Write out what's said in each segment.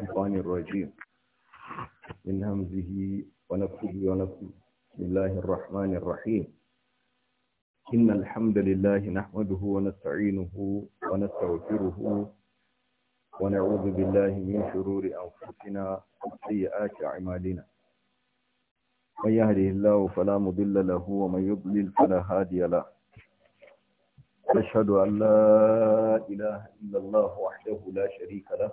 الشيطان الرجيم من همزه ونفسه ونفسه بسم الله الرحمن الرحيم إن الحمد لله نحمده ونستعينه ونستغفره ونعوذ بالله من شرور أنفسنا وسيئات أعمالنا من يهده الله فلا مضل له ومن يضلل فلا هادي له أشهد أن لا إله إلا الله وحده لا شريك له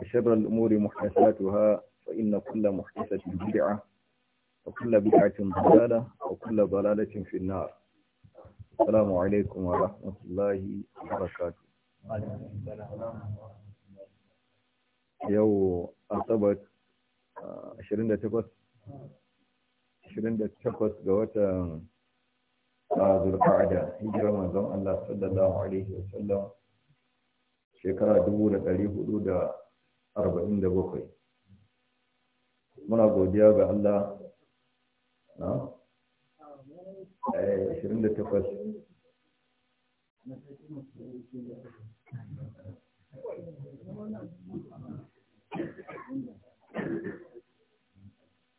وشر الأمور محدثاتها فإن كل محدثة بدعة وكل بدعة ضلالة وكل ضلالة في النار السلام عليكم ورحمة الله وبركاته يو أصبت 28 28 ga watan zulqa'ada hijirar manzon Allah sallallahu alaihi wasallam shekara 1400 arba'in da bakwai muna godiya ga Allah na ashirin da takwas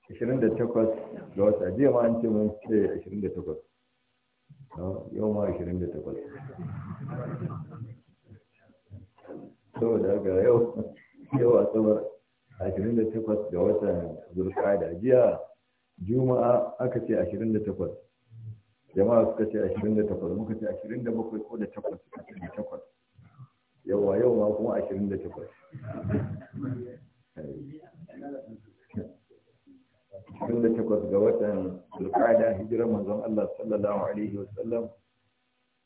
ashirin da takwas ga wata jiya ma an ce mun ce ashirin da takwas yau ma ashirin da takwas saboda ga yau yau asabar 28 ga watan zulkada jiya juma'a aka ce 28 jama'a suka ce 28 muka ce 27 ko da 8 suka ce 8 yawa yau ma kuma 28 28 ga watan zulkada hijirar manzon Allah sallallahu alaihi wasallam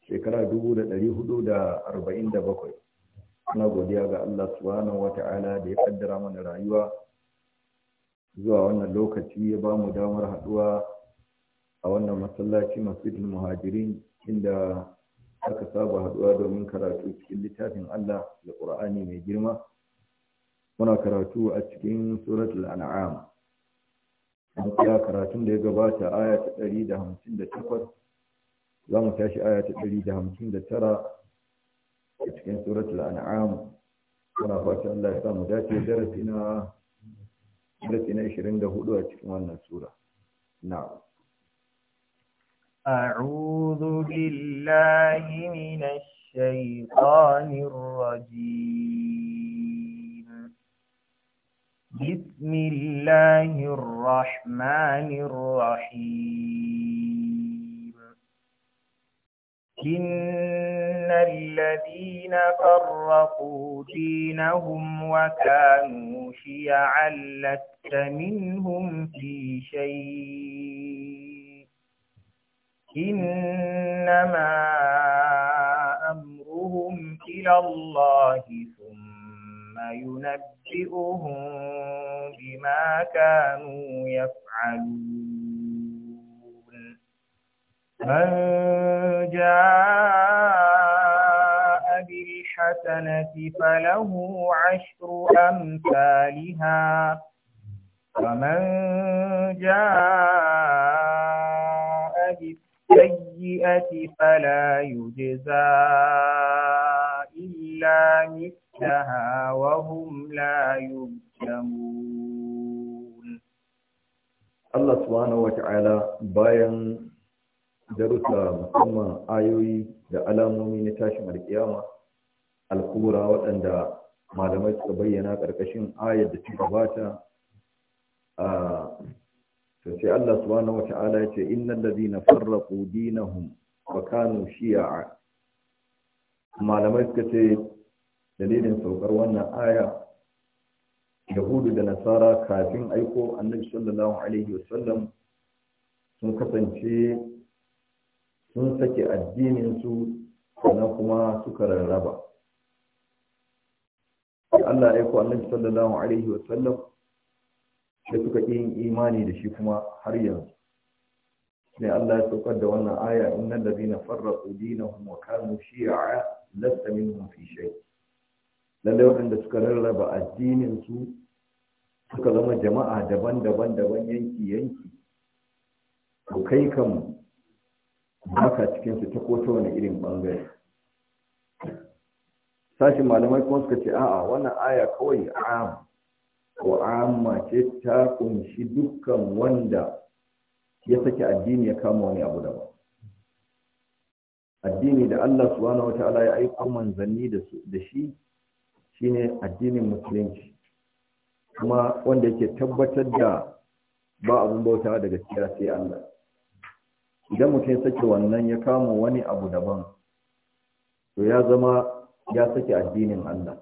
shekara 1447 na godiya ga Allah subhanahu ta'ala da ya kaddara mana rayuwa zuwa wannan lokaci ya ba mu damar haduwa a wannan masallaci masjidul muhajirin inda aka saba haduwa domin karatu cikin littafin Allah da Qur'ani mai girma muna karatu a cikin suratul an'am mun tsaya karatun da ya gabata aya ta 158 za mu tashi aya ta 159 a cikin suratul an'am muna fata Allah ya sa mu dace darasi darasi na 24 a cikin wannan sura na'am أعوذ بالله من الشيطان الرجيم بسم الله الرحمن الرحيم إن الذين فرقوا دينهم وكانوا شيعا لست منهم في شيء إنما أمرهم إلى الله ثم ينبئهم بما كانوا يفعلون من جاء بالحسنة فله عشر أمثالها ومن جاء بالسيئة فلا يجزى إلا مثلها وهم لا يظلمون الله سبحانه وتعالى بيان darussa musamman ayoyi da alamomi na tashin alkiyama alkura waɗanda malamai suka bayyana ƙarƙashin ayar da ta gabata to sai Allah subhanahu wata'ala ya ce innal ladina farraqu dinahum wa kanu shi'a malamai suka ce dalilin saukar wannan aya yahudu da nasara kafin aiko annabi sallallahu alaihi wasallam sun kasance sun sake addininsu na kuma suka rarraba Allah ya ku annabi sallallahu alaihi wasallam da suka yin imani da shi kuma har yanzu sai Allah ya saukar da wannan aya innal ladina farraqu dinahum wa kanu shi'a lasta minhum fi shay Lallai waɗanda suka rarraba addinin su suka zama jama'a daban-daban daban yanki yanki ku kai kanmu. Haka cikin su ta koto wani irin bangare sashin malamai kuma suka ce a'a wannan aya kawai am ko amma ce ta kunshi dukkan wanda ya saki addini ya kama wani abu daban addini da Allah subhanahu ta'ala ya aika manzanni da shi shine addinin musulunci kuma wanda yake tabbatar da ba abun bauta da gaskiya sai Allah idan mutum ya sake wannan ya kama wani abu daban to ya zama ya sake addinin Allah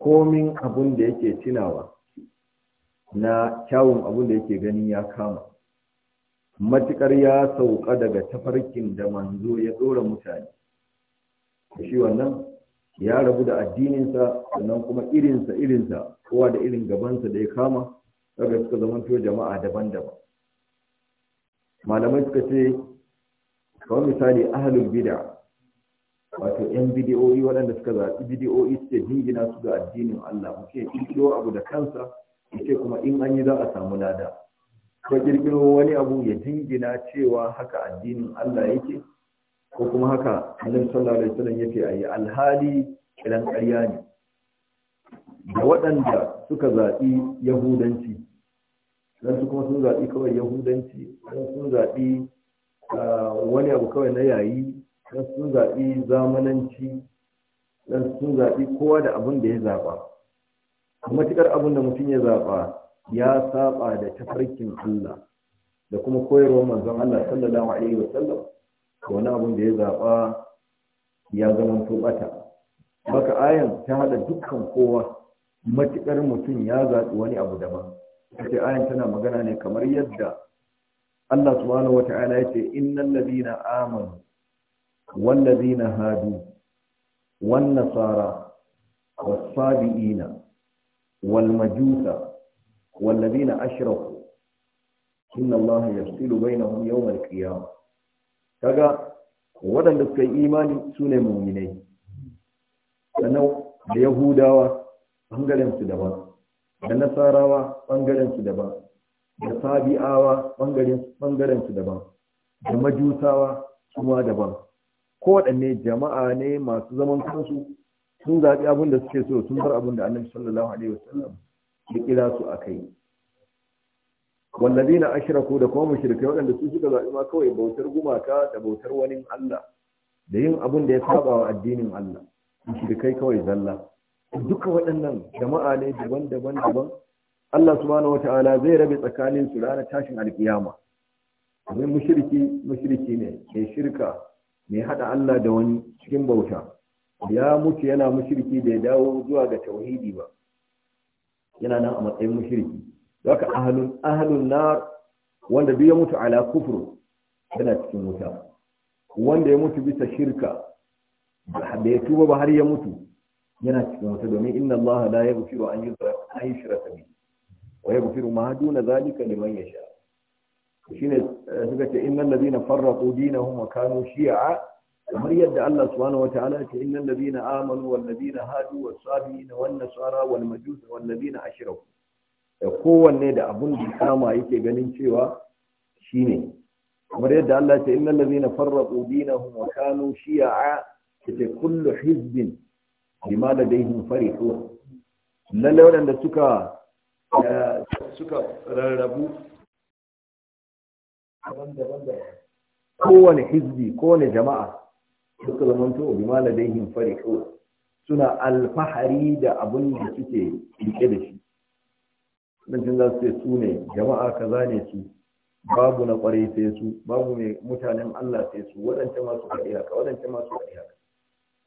komin abun da yake tunawa na kyawun abun da yake gani ya kama matukar ya sauka daga tafarkin da manzo ya dora mutane shi wannan ya rabu da addininsa sannan kuma irinsa irinsa kowa da irin gabansa da ya kama daga suka zamanto jama'a daban-daban malamai suka ce kawai misali ahalul bid'a wato yan bidiyoyi waɗanda suka zaɓi bidiyoyi suke jingina su ga addinin Allah muke kirkiro abu da kansa ce kuma in an yi za a samu lada ko kirkiro wani abu ya jingina cewa haka addinin Allah yake ko kuma haka Annabi sallallahu alaihi wasallam yake ayi alhali kiran ƙarya ne da waɗanda suka zaɓi yahudanci don su kuma sun zaɓi kawai yahudanci don sun zaɓi ah, wani abu kawai na yayi don sun zaɓi zamananci don sun zaɓi kowa da abin da ya zaɓa matuƙar abin da mutum ya zaɓa ya saba da tafarkin Allah da kuma koyarwar manzon Allah sallallahu alaihi wa sallam wani abin da ya zaɓa ya zama bata baka ayan ta hada dukkan kowa matuƙar mutum ya zaɓi wani abu daban kace ayan tana magana ne kamar yadda Allah subhanahu ya ce innal ladina amanu wal ladina hadu wan nasara was sabiina wal majusa wal ladina ashraku inna Allah yafsilu bainahum yawm al qiyamah kaga waɗanda suka yi imani su ne muminai sannan da yahudawa bangaren su daban da nasarawa ɓangaren su daban da sabi'awa ɓangaren su daban da majusawa kuma daban Ko kowaɗanne jama'a ne masu zaman kansu sun zaɓi abin da suke so sun bar abin da annabi sallallahu alaihi wasallam ya kira su a kai wallazina ashraku da kuma mushrikai waɗanda su suka zaɓi ma kawai bautar gumaka da bautar wani Allah da yin abin da ya saba wa addinin Allah mushrikai kawai zalla duka waɗannan jama'a ne daban-daban daban Allah subhanahu wata'ala zai rabe tsakanin su ranar tashin alkiyama domin mushriki mushriki ne mai shirka mai hada Allah da wani cikin bauta ya mutu yana mushriki da ya dawo zuwa ga tauhidi ba yana nan a matsayin mushriki haka ahlun ahlun nar wanda duk ya mutu ala kufur yana cikin wuta wanda ya mutu bisa shirka da ya tuba ba har ya mutu yana cikin wata domin inna Allah la yaghfiru an yushraka bihi wa yaghfiru ma duna zalika liman yasha shine suka ce innal ladina farraqu dinahum wa kanu shi'a kamar yadda Allah subhanahu wataala ya ce innal ladina amanu wal ladina hadu was sabiina wan nasara wal majus wal ladina ashraku da kowanne da abun da kama yake ganin cewa shine kamar yadda Allah ya ce innal ladina farraqu dinahum wa kanu shi'a ce kullu hizbin bima hin farihun lalle waɗanda suka suka rarrabu kowane hizbi kowane jama'a suka zamanto bima hin farihun suna alfahari da abin da suke rike da shi mutum za su su ne jama'a kaza ne su babu na kwarai sai su babu mai mutanen Allah sai su waɗancan masu faɗi haka waɗancan masu faɗi haka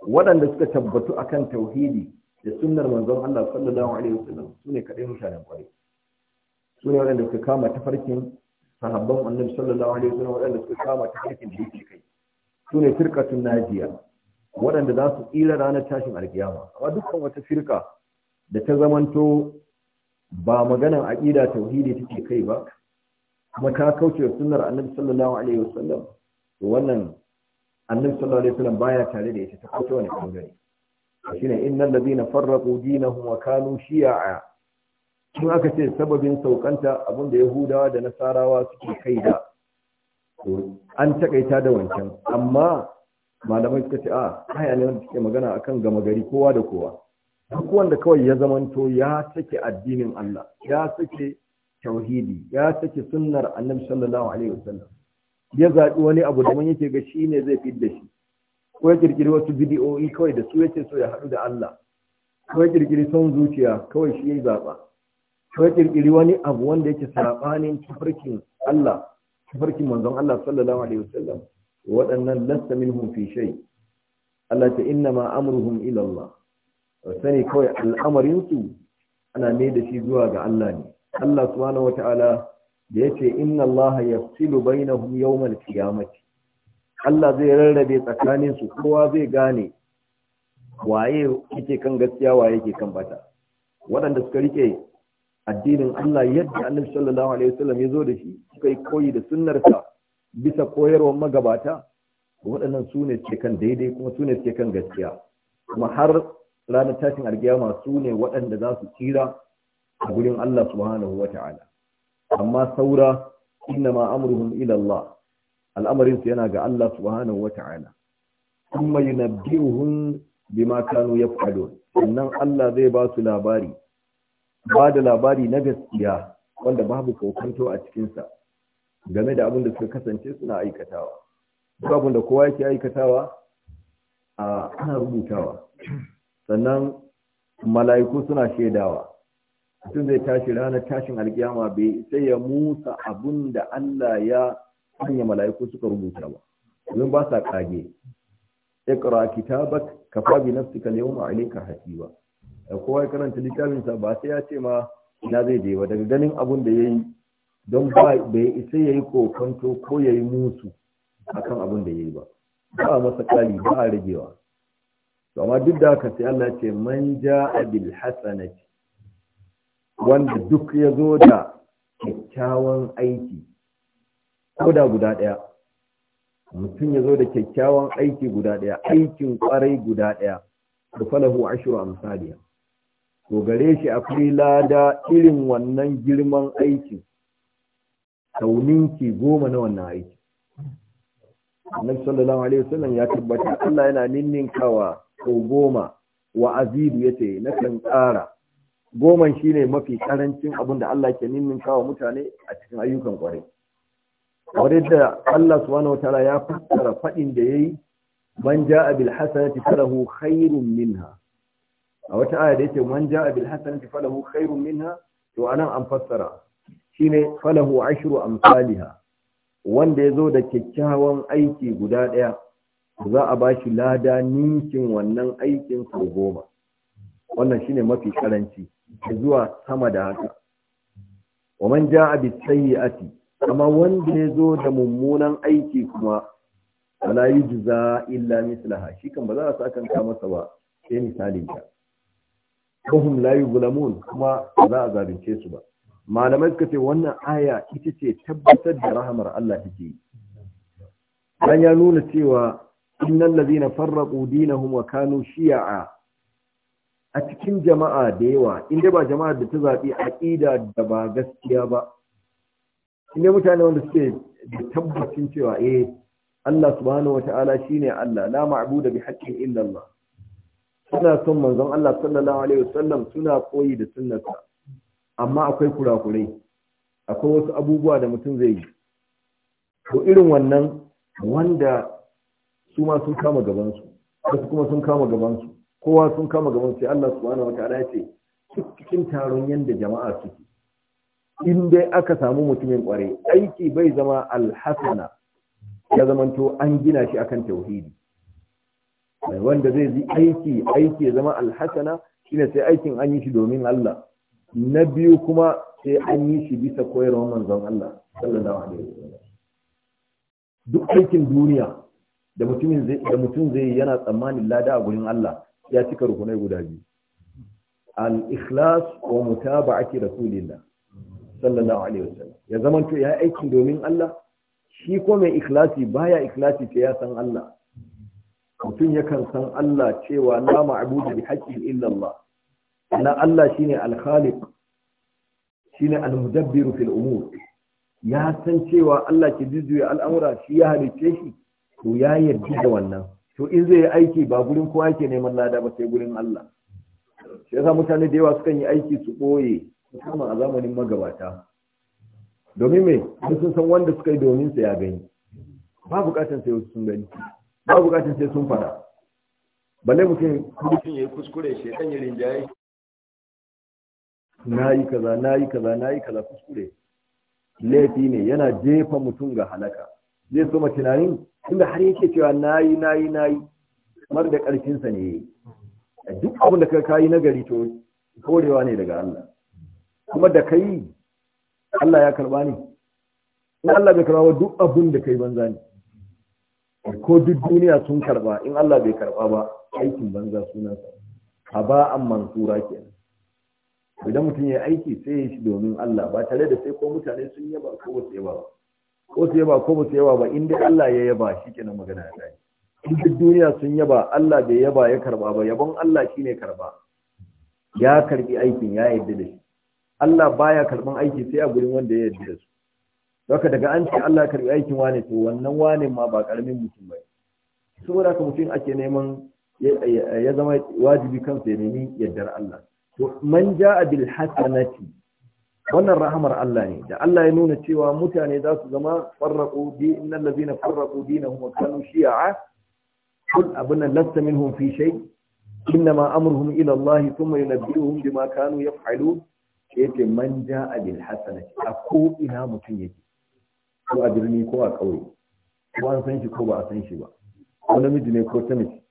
waɗanda suka tabbatu akan tauhidi da sunnar manzon Allah sallallahu alaihi wasallam sune kadai kaɗai mutanen kwarai Sune waɗanda suka kama tafarkin sahabban annabi sallallahu alaihi wasallam waɗanda suka kama tafarkin da yake kai sune ne najiya waɗanda za su tsira ranar tashin alkiyama amma dukkan wata firka da ta zamanto ba maganar aqida tauhidi take kai ba kuma ta kauce sunnar annabi sallallahu alaihi wasallam to wannan annabi sallallahu alaihi wasallam baya tare da ita ta koto wani bangare shine innal ladina farraqu dinahum wa kanu shi'a kin aka ce sababin saukanta abinda yahudawa da nasarawa suke kai da an takaita da wancan amma malamai suka ce a haya ne wanda suke magana akan gama gari kowa da kowa duk wanda kawai ya zamanto ya sake addinin Allah ya sake tauhidi ya sake sunnar annabi sallallahu alaihi wasallam ya zaɓi wani abu da man yake ga shi ne zai fi da shi ko ya kirkiri wasu bidiyoyi kawai da su yake so ya haɗu da Allah ko ya kirkiri son zuciya kawai shi ya zaɓa ko ya kirkiri wani abu wanda yake saɓanin tafarkin Allah tafarkin manzon Allah sallallahu alaihi wasallam waɗannan lasta minhum fi shay Allah ta inna ma amruhum ila Allah sani kawai al'amarin su ana mai da shi zuwa ga Allah ne Allah subhanahu wataala da yace inna allaha yafsilu bainahum yawmal qiyamati Allah zai rarrabe tsakanin su kowa zai gane waye yake kan gaskiya waye yake kan bata waɗanda suka rike addinin Allah yadda Annabi sallallahu alaihi wasallam ya zo da shi suka yi koyi da sunnarsa bisa koyarwar magabata waɗannan su ne suke kan daidai kuma su ne suke kan gaskiya kuma har ranar tashin alkiyama su ne waɗanda za su tsira a gurin Allah subhanahu wata'ala amma saura inna ma amruhum ila Allah al'amarin su yana ga Allah subhanahu wata'ala kuma yunabbi'uhum bima kanu yaf'alun sannan Allah zai ba su labari ba da labari na gaskiya wanda babu kokanto a cikinsa game da abin da suka kasance suna aikatawa duk abin da kowa yake aikatawa a ana rubutawa sannan mala'iku suna shaidawa mutum zai tashi ranar tashin alkiyama bai isa ya musa abun da Allah ya sanya mala'iku suka rubuta ba domin ba sa kage ikra kitabak kafa bi nafsika yawma alayka hasiba kowa ya karanta littafin sa ba sai ya ce ma ina zai je ba daga ganin abun da yayi don ba bai isa yayi kokonto ko yayi musu akan abun da yayi ba ba masa kali ba a ragewa to amma duk da haka sai Allah ya ce man ja'a bil hasanati wanda duk ya zo da kyakkyawan aiki ko da guda ɗaya mutum ya zo da kyakkyawan aiki guda ɗaya aikin ƙwarai guda ɗaya da falahu ashiru amsaliya to gare shi akwai lada irin wannan girman aikin sauninki goma na wannan aiki annabi sallallahu alaihi wasallam ya tabbata Allah yana ninninkawa ko goma wa azidu yace kan ƙara goman shine mafi karancin abin da Allah ke nimmin kawo mutane a cikin ayyukan kwarai kamar yadda Allah subhanahu ya fassara fadin da yayi man jaa bil hasanati falahu khairun minha a wata aya da yake man jaa bil hasanati falahu khairun minha to anan an fassara shine falahu ashru amsalha wanda yazo da kyakkyawan aiki guda ɗaya, za a bashi lada ninkin wannan aikin sau goma wannan shine mafi karanci da zuwa sama da haka wa man ja'a bi sayyi'ati amma wanda ya zo da mummunan aiki kuma wala yujza illa mislaha shi kan ba za a sakanta masa ba sai misalin ka kohum la yuzlamun kuma ba za a zalunce su ba malamai suka ce wannan aya ita ce tabbatar da rahamar Allah take yi dan ya nuna cewa innal ladina farraqu dinahum wa kanu shi'a a cikin jama'a da yawa inda ba jama'a da ta zaɓi a aƙida da ba gaskiya ba inda mutane wanda suke da tabbacin cewa eh Allah subhanahu wata'ala ne Allah la da bi haƙƙin illa Allah suna son manzon Allah sallallahu alaihi wasallam suna koyi da sunnarsa amma akwai kurakurai akwai wasu abubuwa da mutum zai yi to irin wannan wanda su ma sun kama gabansu wasu kuma sun kama gabansu kowa sun kama gaban sai Allah subhanahu wataala ya ce cikin taron yadda jama'a suke in dai aka samu mutumin kware aiki bai zama alhasana ya zamanto an gina shi akan tauhidi wanda zai ji aiki aiki ya zama alhasana shine sai aikin an yi shi domin Allah na biyu kuma sai an yi shi bisa koyarwar manzon Allah duk aikin duniya da mutum zai yana tsammanin lada a gurin Allah ya cika rukunai guda biyu al-ikhlas wa mutaba'ati rasulillah sallallahu alaihi wasallam ya zamanto ya aiki domin Allah shi ko mai ikhlasi baya ikhlasi ce ya san Allah mutum yakan san Allah cewa la ma'budu bi haƙƙi illa Allah na Allah shine al-khaliq shine al-mudabbiru fil umur ya san cewa Allah ke ya al'amura shi ya halice shi to ya yarda da wannan to in zai yi aiki ba gurin kowa yake neman lada ba sai gurin Allah shi yasa mutane da yawa sukan yi aiki su ɓoye musamman a zamanin magabata domin me sun san wanda suka yi domin sa ya gani ba bukatan sai wasu sun gani ba bukatan sai sun fara balle mutum mutum yayi kuskure shi dan ya rinjaye nayi kaza nayi kaza nayi kaza kuskure laifi ne yana jefa mutum ga halaka zai so tunanin inda har yake cewa na na yi, yi, na yi, mar da ƙarfinsa sa ne duk abin da ka kai nagari to korewa ne daga Allah kuma da kai Allah ya karba ne in Allah bai karba duk abin da kai banza ne ko duk duniya sun karba in Allah bai karba ba aikin banza sunansa ba an mansura kenan idan mutum ya aiki sai ya shi domin Allah ba tare da sai ko mutane sun yaba ko wasu yaba ba ko su yaba ko ba su yaba ba in dai Allah ya yaba shi kenan magana ya tashi in duk duniya sun yaba Allah bai yaba ya karba ba yabon Allah shine karba ya karbi aikin ya yadda da shi Allah baya karban aiki sai a gurin wanda ya yarda da su Doka daga an ce Allah karbi aikin wane to wannan wane ma ba karamin mutum ba saboda haka mutum ake neman ya zama wajibi kansa ya nemi yardar Allah to man ja'a bil hasanati wannan rahamar Allah ne da Allah ya nuna cewa mutane za su zama farraqu di innal ladina a dinahum wa kanu shi'a kul abunna lasta minhum fi shay innama amruhum ila Allah thumma yunabbi'uhum bima kanu yaf'alun yace man ja'a bil hasanati a ko ina mutum yake ko a birni ko a kauye ko an san shi ko ba a san shi ba ko namiji ne ko ta mace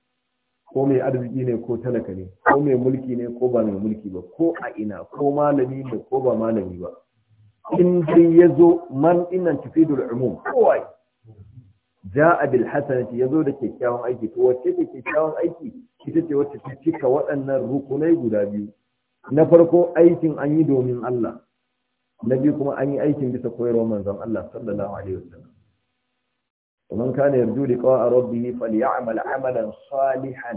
ko mai arziki ne ko talaka ne ko mai mulki ne ko ba mai mulki ba ko a ina ko malami ne ko ba malami ba in dai ya zo man innan tufidul umum kowai ja'a bil hasanati zo da kyakkyawan aiki to wacce da kyakkyawan aiki ita ce wacce ta cika waɗannan rukunai guda biyu na farko aikin an yi domin Allah na biyu kuma an yi aikin bisa koyarwar manzon Allah sallallahu alaihi wasallam ومن كان يرجو لقاء ربه فليعمل عملا صالحا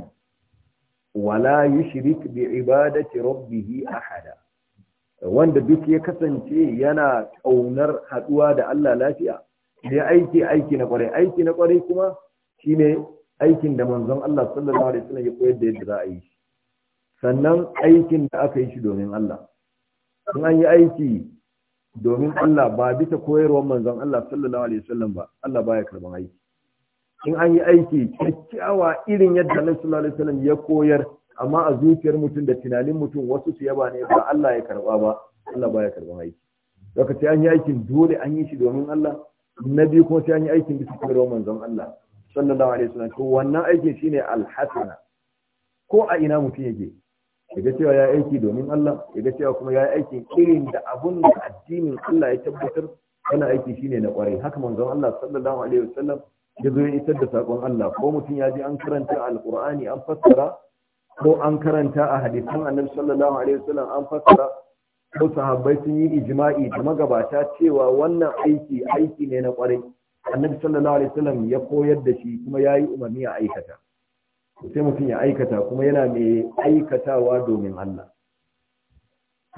ولا يشرك بعبادة ربه أحدا wanda duk ya kasance yana ƙaunar haɗuwa da Allah lafiya sai aiki aiki na ƙwarai aiki na ƙwarai kuma shine aikin da manzon Allah sallallahu alaihi wasallam ya koyar da yadda za a yi sannan aikin da aka yi shi domin Allah in an yi aiki domin Allah ba bisa koyarwar manzon Allah sallallahu alaihi wasallam ba Allah baya karban aiki in an yi aiki kyakkyawa irin yadda Annabi sallallahu alaihi wasallam ya koyar amma a zuciyar mutum da tunanin mutum wasu su yaba ne ba Allah ya karba ba Allah baya karban aiki lokaci an yi aikin dole an yi shi domin Allah na biyu kuma sai an yi aikin bisa koyarwar manzon Allah sallallahu alaihi wasallam to wannan aikin shine alhasana ko a ina mutum yake Shiga ga cewa ya aiki domin Allah ya ga cewa kuma ya aikin irin da abun da addinin Allah ya tabbatar wani aiki shine na kwarai haka manzon Allah sallallahu alaihi wasallam ya zo ya isar da sakon Allah ko mutum ya ji an karanta alqur'ani an fassara ko an karanta a hadisan annabi sallallahu alaihi wasallam an fassara ko sahabbai sun yi ijma'i da magabata cewa wannan aiki aiki ne na kwarai annabi sallallahu alaihi wasallam ya koyar da shi kuma ya yi umarni a aikata sai mutum ya aikata kuma yana mai aikatawa domin Allah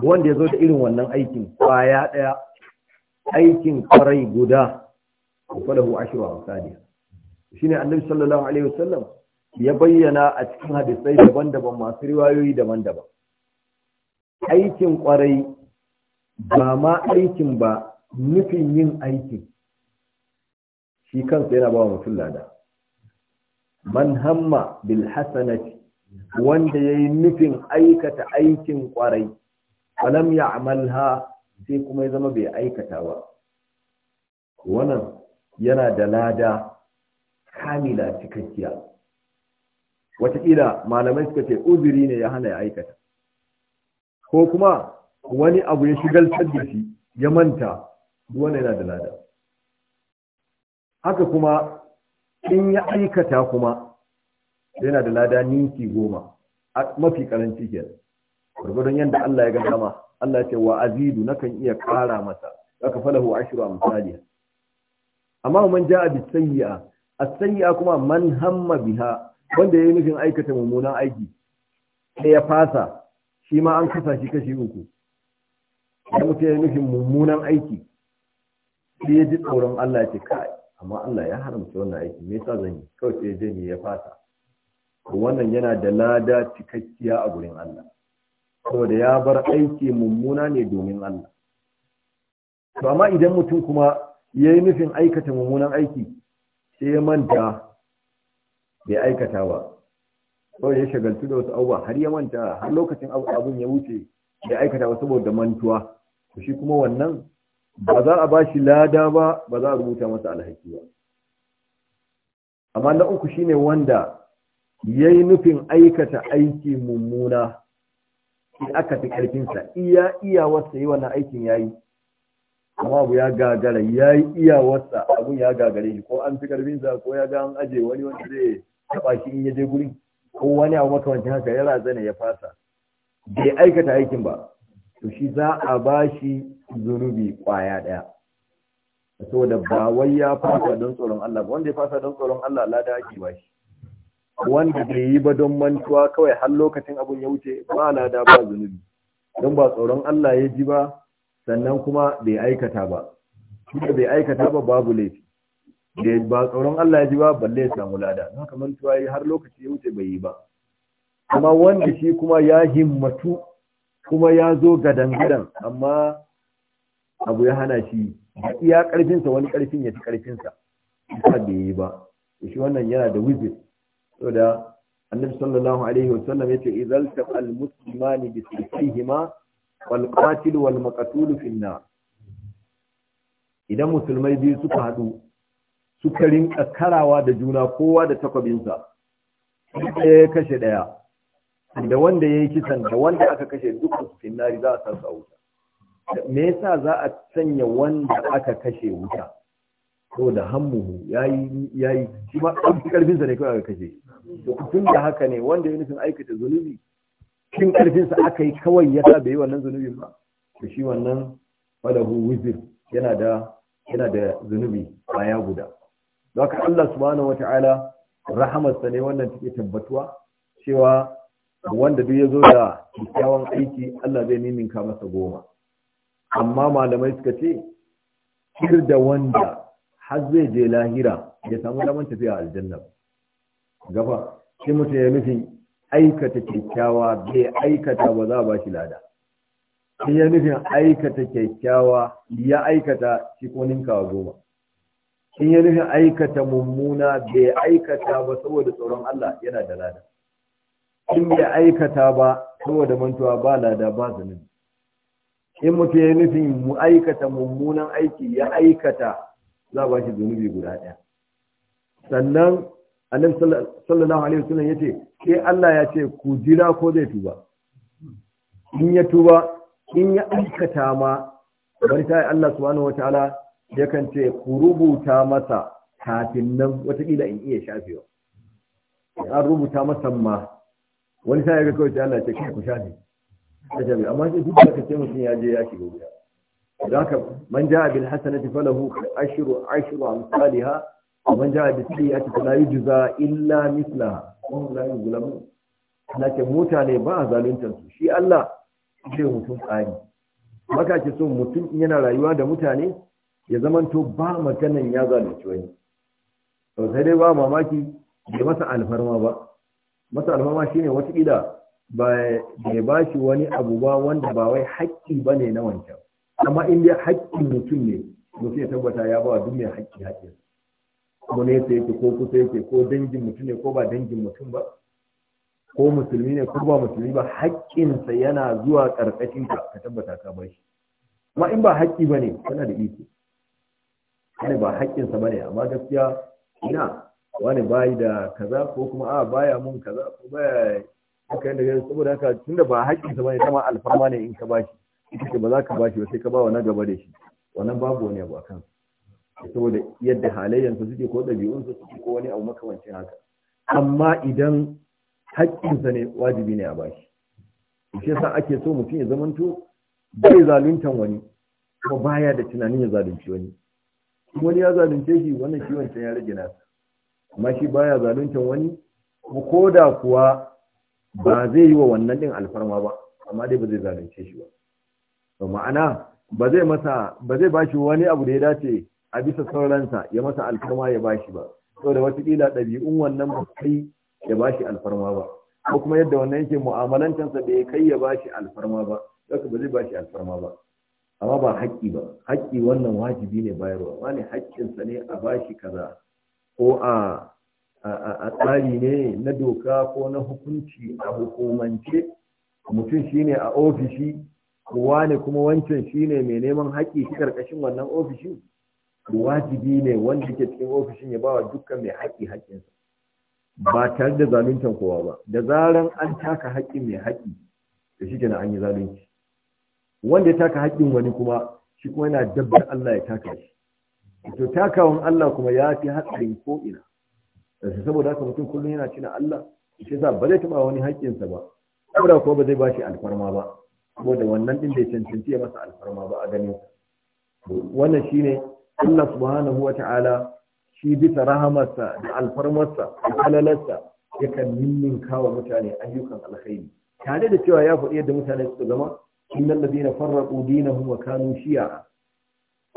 wanda ya zo da irin wannan aikin kwaya ɗaya aikin kwarai guda falahu ashiru a shi ne annabi sallallahu alaihi wasallam ya bayyana a cikin hadisai daban-daban masu riwayoyi daban-daban aikin kwarai ba ma aikin ba nufin yin aikin shi kansa yana ba wa mutum lada man hamma bil hasanati wanda yayi nufin aikata aikin kwarai falam Amalha sai kuma ya zama bai aikata ba wannan yana da lada kamila cikakkiya wataƙila malamai suka ce uzuri ne ya hana ya aikata ko kuma wani abu ya shigar da shi ya manta wannan yana da lada haka kuma in ya aikata kuma yana da lada ninki goma mafi karanci ke gwargwadon yadda Allah ya ga Allah ce wa azidu nakan iya kara masa aka falahu a misali amma man ja a bisayya. A sayya kuma man hamma biha wanda ya yi nufin aikata mummunan aiki sai ya fasa shi ma an kasa shi kashi uku mutu ya yi nufin mummunan aiki sai ya ji tsoron Allah ce kai amma Allah ya haramta wannan aiki me yasa zan yi kawai sai ne ya fasa wannan yana da lada cikakkiya a gurin Allah saboda ya bar aiki mummuna ne domin Allah to amma idan mutum kuma ya yi nufin aikata mummunan aiki sai ya manta bai aikata ba kawai ya shagaltu da wasu abubuwa har ya manta har lokacin abun ya wuce bai aikata ba saboda mantuwa to shi kuma wannan ba za a ba shi lada ba ba za a rubuta masa alhaki ba amma na uku shine wanda ya yi nufin aikata aiki mummuna shi aka fi ƙarfinsa iya wasa yi wannan aikin ya yi amma abu ya gagara ya yi wasa abun ya gagare shi ko an fi ƙarfinsa ko ya ga an aje wani wanda zai taɓa shi in ya je guri ko wani abu makamancin haka ya razana ya fasa bai aikata aikin ba to shi za a ba shi zunubi kwaya daya saboda ba wai ya fasa don tsoron Allah ba wanda ya fasa don tsoron Allah lada ake ba shi wanda bai yi ba don mantuwa kawai har lokacin abun ya wuce ba lada ba zunubi don ba tsoron Allah ya ji ba sannan kuma bai aikata ba da bai aikata ba babu laifi da ba tsoron Allah ya ji ba balle ya samu lada haka mantuwa ya yi har lokaci ya wuce bai yi ba amma wanda shi kuma ya himmatu kuma ya zo gadan gadan amma abu ya hana shi da iya karfinsa wani karfin ya ci karfinsa ba da yi ba shi wannan yana da wizir da annabi sallallahu alaihi wa sallam yace idzal taqal muslimani bi sayfihima wal qatil wal maqtul fi idan musulmai biyu suka hadu suka rinka karawa da juna kowa da takwabinsa ɗaya kashe ɗaya da wanda yayi kisan da wanda aka kashe duk su finnari za a sa su a wuta me yasa za a sanya wanda aka kashe wuta to da hammuhu yayi yayi shi ma karfin sa ne kawai aka kashe to tun da haka ne wanda ya nufin aikata zunubi kin karfin sa aka yi kawai yasa bai yi wannan zunubin ba to shi wannan falahu wizir yana da yana da zunubi baya guda don haka Allah subhanahu wataala sa ne wannan take tabbatuwa cewa wanda duk ya zo da kyakkyawan aiki Allah zai ka masa goma amma malamai suka ce kir da wanda har zai je lahira ya samu damar tafiya aljanna gaba shi mutum ya nufin aikata kyakkyawa bai aikata ba za a ba shi lada shi ya nufin aikata kyakkyawa ya aikata shi ko ninkawa goma shi ya nufin aikata mummuna bai aikata ba saboda tsoron Allah yana da lada in bai aikata ba saboda mantuwa ba lada ba zanen in mutum ya nufin mu aikata mummunan aiki ya aikata za a shi zunubi guda ɗaya sannan annabi sallallahu alaihi wasallam yace sai Allah ya ce ku jira ko zai tuba in ya tuba in ya aikata ma bari ta Allah subhanahu wataala kan ce ku rubuta masa kafin nan watakila in iya shafewa an rubuta masa ma wani sai ga kawai Allah ya ce ku shafe da jami amma sai duk da kace mutum ya je ya shiga wuta idan ka man ja'a bil hasanati falahu ashru ashru amsalha wa man ja'a bis sayyi'ati fala yujza illa mithlaha wa hum la yuzlamun lakin mutane ba a zaluntar su shi Allah zai mutum tsari maka ce so mutum yana rayuwa da mutane ya zamanto ba maganan ya zalunci wani to sai dai ba mamaki bai masa alfarma ba masa alfarma shine wata ƙida. bai ba shi wani abu ba wanda ba wai haƙƙi ba ne na wancan amma in dai haƙƙin mutum ne mutum ya tabbata ya ba wa duk mai haƙƙi haƙƙin ko nesa yake ko kusa yake ko dangin mutum ne ko ba dangin mutum ba ko musulmi ne ko ba musulmi ba haƙƙinsa yana zuwa ƙarƙashin ka ka tabbata ka ba shi amma in ba haƙƙi ba ne kana da iko kana ba haƙƙinsa ba ne amma gaskiya ina wani bayi da kaza ko kuma a ah, baya mun kaza ko baya haka da gani saboda haka tunda ba haƙƙin sa bane kama alfarma ne in ka bashi ita ce ba za ka bashi ba sai ka ba wa na gaba da shi wannan babu wani abu akan saboda yadda su suke ko su suke ko wani abu makamancin haka amma idan haƙƙinsa ne wajibi ne a bashi shi yasa ake so mutum ya zamanto bai zaluntan wani kuma baya da tunanin ya zalunci wani wani ya zalunce shi wannan shi wancan ya rage nasa amma shi baya zaluntan wani ko da kuwa ba zai yi wa wannan ɗin alfarma ba amma dai ba zai zalunce shi ba to ma'ana ba zai masa ba zai bashi wani abu da ya dace a bisa sauransa ya masa alfarma ya bashi ba saboda kila ɗabi'un wannan ba kai ya bashi alfarma ba ko kuma yadda wannan yake mu'amalantansa bai kai ya bashi alfarma ba zaka ba zai bashi alfarma ba amma ba haƙƙi ba haƙƙi wannan wajibi ne bayarwa wani haƙƙinsa ne a bashi kaza ko a a tsari ne na doka ko na hukunci a hukumance mutum shine a ofishi kowa ne kuma wancan shine mai neman haƙƙi shi ƙarƙashin wannan ofishin wajibi ne wanda ke cikin ofishin ya bawa dukkan mai haƙƙi haƙƙinsa ba tare da zaluntan kowa ba da zaran an taka haƙƙin mai haƙƙi da shi kenan an yi zalunci wanda ya taka haƙƙin wani kuma shi kuma yana dabbar Allah ya taka shi to takawan Allah kuma ya fi haƙƙin ko ina sai saboda haka mutum kullum yana cina Allah shi yasa ba zai taba wani haƙƙinsa ba saboda ko ba zai bashi alfarma ba saboda wannan din da ya cancanci ya masa alfarma ba a ganin wannan shine Allah subhanahu wa ta'ala shi bisa rahamarsa da alfarmarsa da halalarsa yakan ninninka wa mutane ayyukan alkhairi tare da cewa ya faɗi yadda mutane suka zama innal ladina farraqu dinahum wa kanu shi'a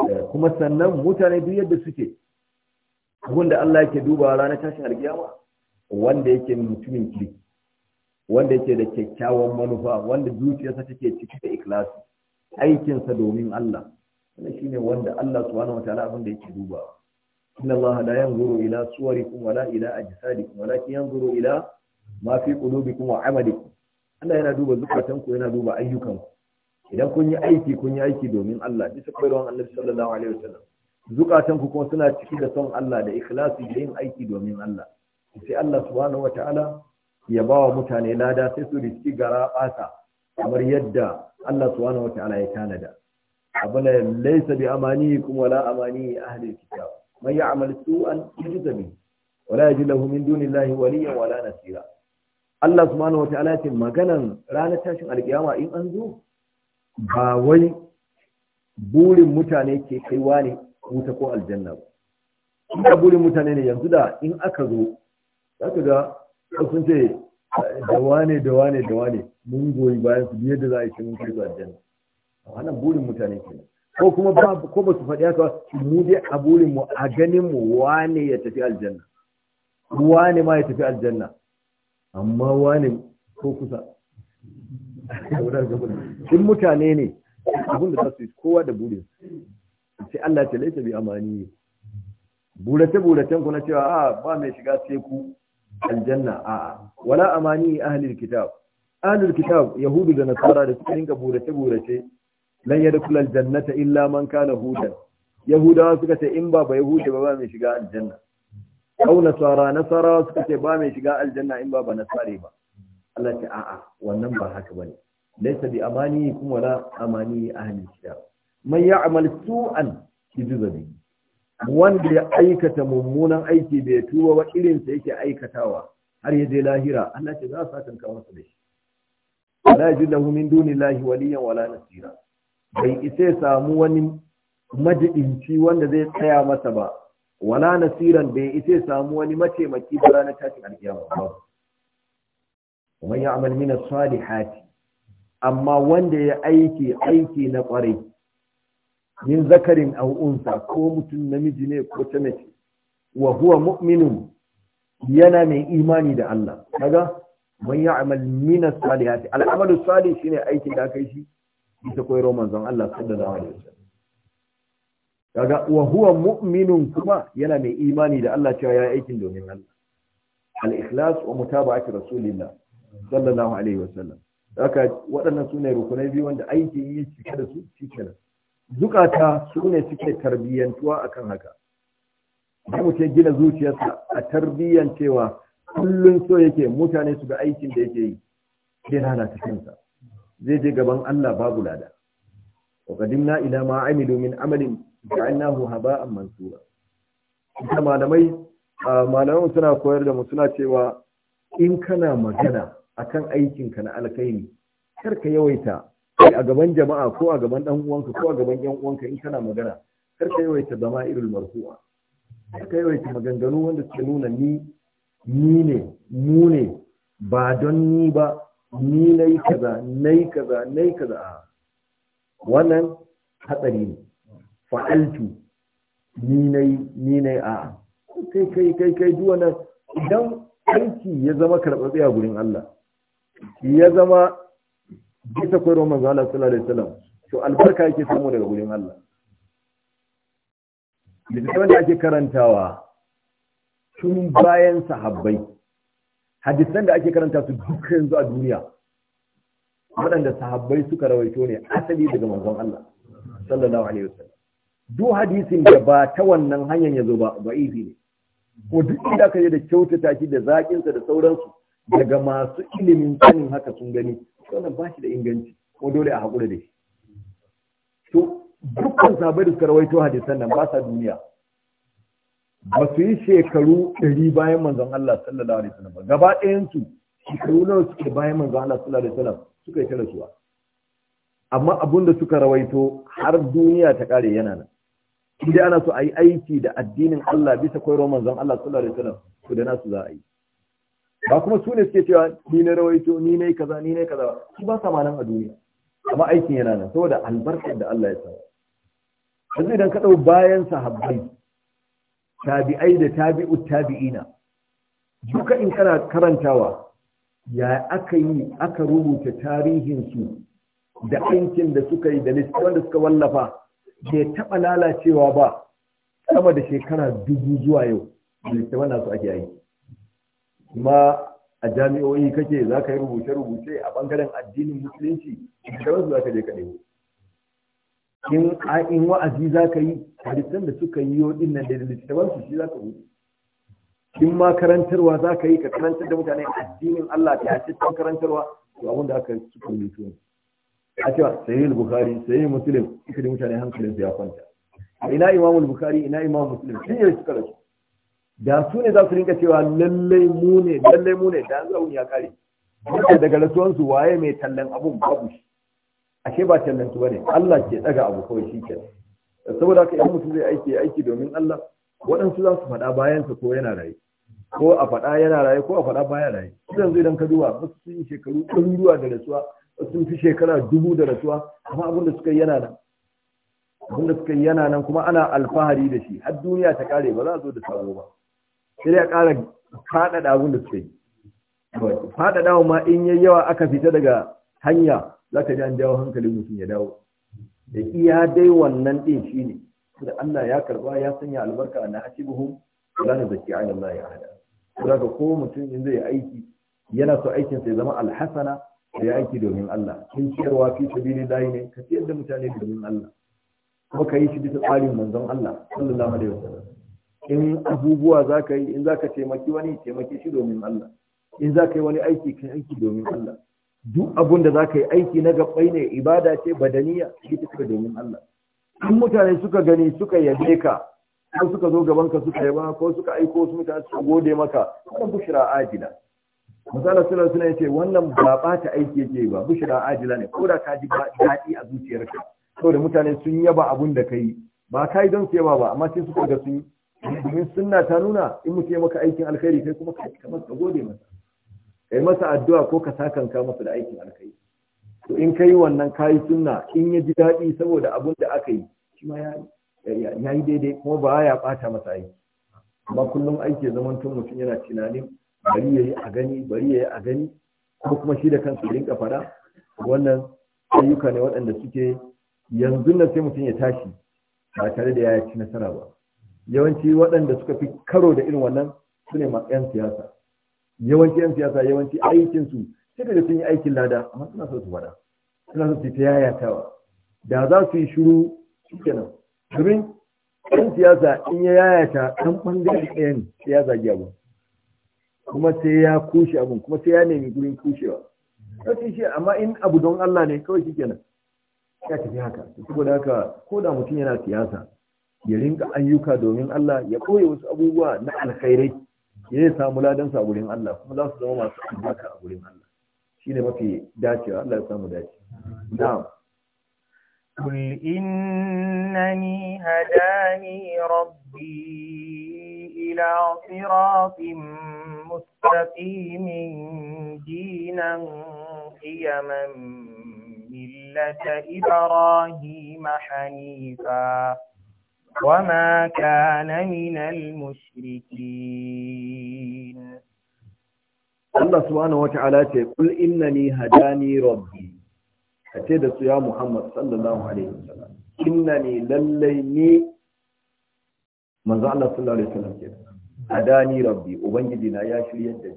eh, kuma sannan mutane duk yadda suke abin da Allah yake duba ranar tashin alkiyama wanda yake mutumin kirki wanda yake da kyakkyawan manufa wanda zuciyarsa take ciki da ikhlasi aikinsa domin Allah wannan shine wanda Allah subhanahu wataala abin da yake dubawa inna Allah la yanzuru ila suwarikum wala ila ajsadikum walakin yanzuru ila ma fi qulubikum wa amalikum Allah yana duba zukatanku yana duba ayyukanku idan kun yi aiki kun yi aiki domin Allah bisa koyarwar Annabi sallallahu alaihi wasallam zukatan ku kuma suna ciki da son Allah da ikhlasi da yin aiki domin Allah sai Allah subhanahu wataala ya bawa mutane lada sai su riski gara bata kamar yadda Allah subhanahu wataala ya tanada abana laysa bi amaniikum wala amani ahli alkitab man ya'mal su'an yujza bihi wala yajid lahu min dunillahi waliyyan wala nasira Allah subhanahu wataala ce maganan ranar tashin alkiyama in an zo ba wai burin mutane ke kaiwa ne wuta ko aljanna ba ina da burin mutane ne yanzu da in aka zo za ka ga sun ce da wane da wane da wane mun goyi bayan su biyar da za a yi mun kai su aljanna wannan burin mutane kenan ko kuma ba ko ba su faɗi haka mu dai a burin mu a ganin mu wane ya tafi aljanna wane ma ya tafi aljanna amma wane ko kusa in mutane ne abin da za su yi kowa da burin sai Allah ce laita bi amani burace buracen ku na cewa a ah, ba mai shiga sai ku aljanna a wala amani ahlul kitab ahlul kitab yahudu da nasara da suka rinka burace burace lan yadkhul aljannata illa man kana hudan yahudawa suka ce in ba ba yahude ba ba mai shiga aljanna au nasara nasara suka ce ba mai shiga aljanna in ba ba nasare ba Allah ce a'a wannan ba haka bane laysa bi amani kuma wala amani ahlul kitab man ya'mal su'an yujza bihi wanda ya aikata mummunan aiki bai tuba ba irin sa yake aikatawa har ya je lahira Allah ce za su hakan kawo masa da shi la yajidu min dunillahi waliyan wala nasira bai isa ya samu wani majidinci wanda zai tsaya masa ba wala nasiran bai isa ya samu wani mataimaki ba ranar tashin alkiyama ba ومن يعمل من الصالحات amma wanda ya aiki aiki na ƙwarai. min zakarin aw unsa ko mutum namiji ne ko ta mace wa huwa mu'minun yana mai imani da Allah kaga man ya'mal min as-salihati al-amalu salih shine aikin da kai shi bisa koyar manzon Allah sallallahu alaihi wasallam kaga wa huwa mu'minun kuma yana mai imani da Allah cewa ya aikin domin Allah al-ikhlas wa mutaba'ati rasulillah sallallahu alaihi wasallam haka waɗannan sune rukunai biyu wanda aikin yi cike da su cike da su zukata su ne suke tarbiyyantuwa akan haka da mutum gina zuciyarsa a tarbiyyantewa kullum so yake mutane su ga aikin da yake yi zai ta kansa zai je gaban Allah babu lada wa na ila ma aini domin amalin haba a mansura ita malamai malamai suna koyar da mu suna cewa in kana magana akan aikinka na alkaini kar ka yawaita kai a gaban jama'a ko a gaban dan uwanka ko a gaban yan uwanka in kana magana kar ka yawaita zama irin marfu'a kar ka yawaita maganganu wanda suke nuna ni ni ne mu ne ba don ni ba ni nayi kaza nayi kaza nayi kaza wannan hatsari ne fa'altu ni nayi ni nayi a'a kai kai kai kai duk idan aiki ya zama karɓaɓɓe a gurin Allah ya zama bisa koyarwar manzo Allah sallallahu alaihi wasallam to albarka yake samu daga gurin Allah littattafan da ake karantawa tun bayan sahabbai hadisan da ake karanta su duka yanzu a duniya waɗanda sahabbai suka rawaito ne asali daga manzon Allah sallallahu alaihi wasallam duk hadisin da ba ta wannan hanyar ya zo ba da'ifi ne ko duk inda ka je da kyautata shi da zaƙinsa da sauransu daga masu ilimin sanin haka sun gani wannan ba shi da inganci ko dole a haƙura da shi to dukkan sabai da suka rawaito hadisan nan ba sa duniya ba su yi shekaru ɗari bayan manzon Allah sallallahu alaihi wasallam ba gaba ɗayansu shekaru nawa suke bayan manzon Allah sallallahu alaihi wasallam suka yi ta rasuwa amma abun da suka rawaito har duniya ta kare yana nan idan ana so a yi aiki da addinin Allah bisa koyarwar manzon Allah sallallahu alaihi wasallam to da nasu za a yi ba kuma su ne suke cewa ni na rawaito ni na kaza ni na kaza su ba sa nan a duniya amma aikin yana nan saboda albarkar da Allah ya sa yanzu idan ka dau bayan sahabbai tabi'ai da tabi'u tabi'ina duka in kana karantawa ya aka yi aka rubuta tarihin su da aikin da suka yi da littattafan da suka wallafa bai taɓa lalacewa ba sama da shekara dubu zuwa yau da nasu ake aiki kuma a jami'o'i kake za ka yi rubuce-rubuce a bangaren addinin musulunci shekarar za ka je ka nemo in wa'azi za ka yi hadisan da suka yi yodin nan da littattafan su shi za ka yi in ma karantarwa za ka yi ka karantar da mutane addinin Allah ta yace ta karantarwa to abin da aka suka yi to a cewa sahih bukhari sahih muslim suka da mutane hankalin su ya kwanta ina Imamul bukhari ina Imamul muslim shi ne suka rasu da su ne za su rinka cewa lallai mu ne lallai mu ne da yanzu abun ya kare duka daga rasuwansu waye mai tallan abun babu shi ashe ba su bane Allah ke daga abu kawai shi ke saboda haka idan mutum zai aiki aiki domin Allah waɗansu za su faɗa bayan sa ko yana raye ko a faɗa yana raye ko a faɗa baya raye idan zai dan ka duba wasu sun yi shekaru ɗaruruwa da rasuwa wasu sun fi shekara dubu da rasuwa amma abin da suka yi yana nan abin da suka yi yana nan kuma ana alfahari da shi har duniya ta kare ba za a zo da sabo ba sai ya ƙara faɗaɗa abin da suke yi faɗaɗa ma in yi yawa aka fita daga hanya za ka ji an jawo hankalin mutum ya dawo da iya dai wannan ɗin shi ne da Allah ya karɓa ya sanya albarka na buhu, za na zaki ala Allah ya hada ka ko mutum in zai aiki yana so aikin sai zama alhasana da ya aiki domin Allah Kin ciyarwa fi layi ne ka ciyar da mutane domin Allah kuma ka yi shi bisa tsarin manzon Allah sallallahu alaihi wa sallam. in abubuwa za ka yi in za ka taimaki wani taimaki shi domin Allah in za ka yi wani aiki kai aiki domin Allah duk abun da za ka yi aiki na gabbai ne ibada ce badaniya shi ta domin Allah in mutane suka gani suka yabe ka ko suka zo gaban ka suka yaba ko suka aiko wasu mutane suka gode maka wannan bushra ajila misalan suna suna yace wannan ba ta aiki yake ba bushra ajila ne ko da ka ji daɗi a zuciyarka saboda mutane sun yaba abun da kai ba kai don su yaba ba amma sai suka ga sun domin sunna ta nuna in mutum ya maka aikin alkhairi kai kuma ka masa gode masa kai masa addu'a ko ka sakanka masa da aikin alkhairi to in kai wannan kayi sunna in ya ji daɗi saboda abun da aka yi shi ma ya yi daidai kuma ba ya ɓata masa aiki amma kullum aiki ya zama mutum yana tunanin bari ya yi a gani bari ya yi a gani ko kuma shi da kansa rinka fara wannan ayyuka ne waɗanda suke yanzu na sai mutum ya tashi ba tare da ya ci nasara ba yawanci waɗanda suka fi karo da irin wannan su ne masu 'yan siyasa yawanci 'yan siyasa yawanci aikinsu sai da sun yi aikin lada amma suna so su faɗa suna so su ta yayatawa da za su yi shiru nan, domin ɗan siyasa in ya yayata ɗan ɓangare ɗayan ne sai ya zagi kuma sai ya kushe abin kuma sai ya nemi gurin kushewa sai shi amma in abu don Allah ne kawai nan. ya tafi haka saboda haka ko da mutum yana siyasa ya rinka ayyuka domin Allah ya koya wasu abubuwa na alkhairai ya samu ladansa a gurin Allah kuma za su zama masu albarka a gurin Allah shine mafi dacewa Allah ya samu dace na'am قل إنني هداني ربي إلى صراط مستقيم دينا قيما ملة إبراهيم حنيفاً وما كان من المشركين Allah subhanahu wata'ala ce kul innani hadani rabbi kace da su ya Muhammad sallallahu alaihi wasallam ne lallai ni manzo Allah sallallahu alaihi wasallam ce hadani rabbi ubangiji na ya shiryar da ni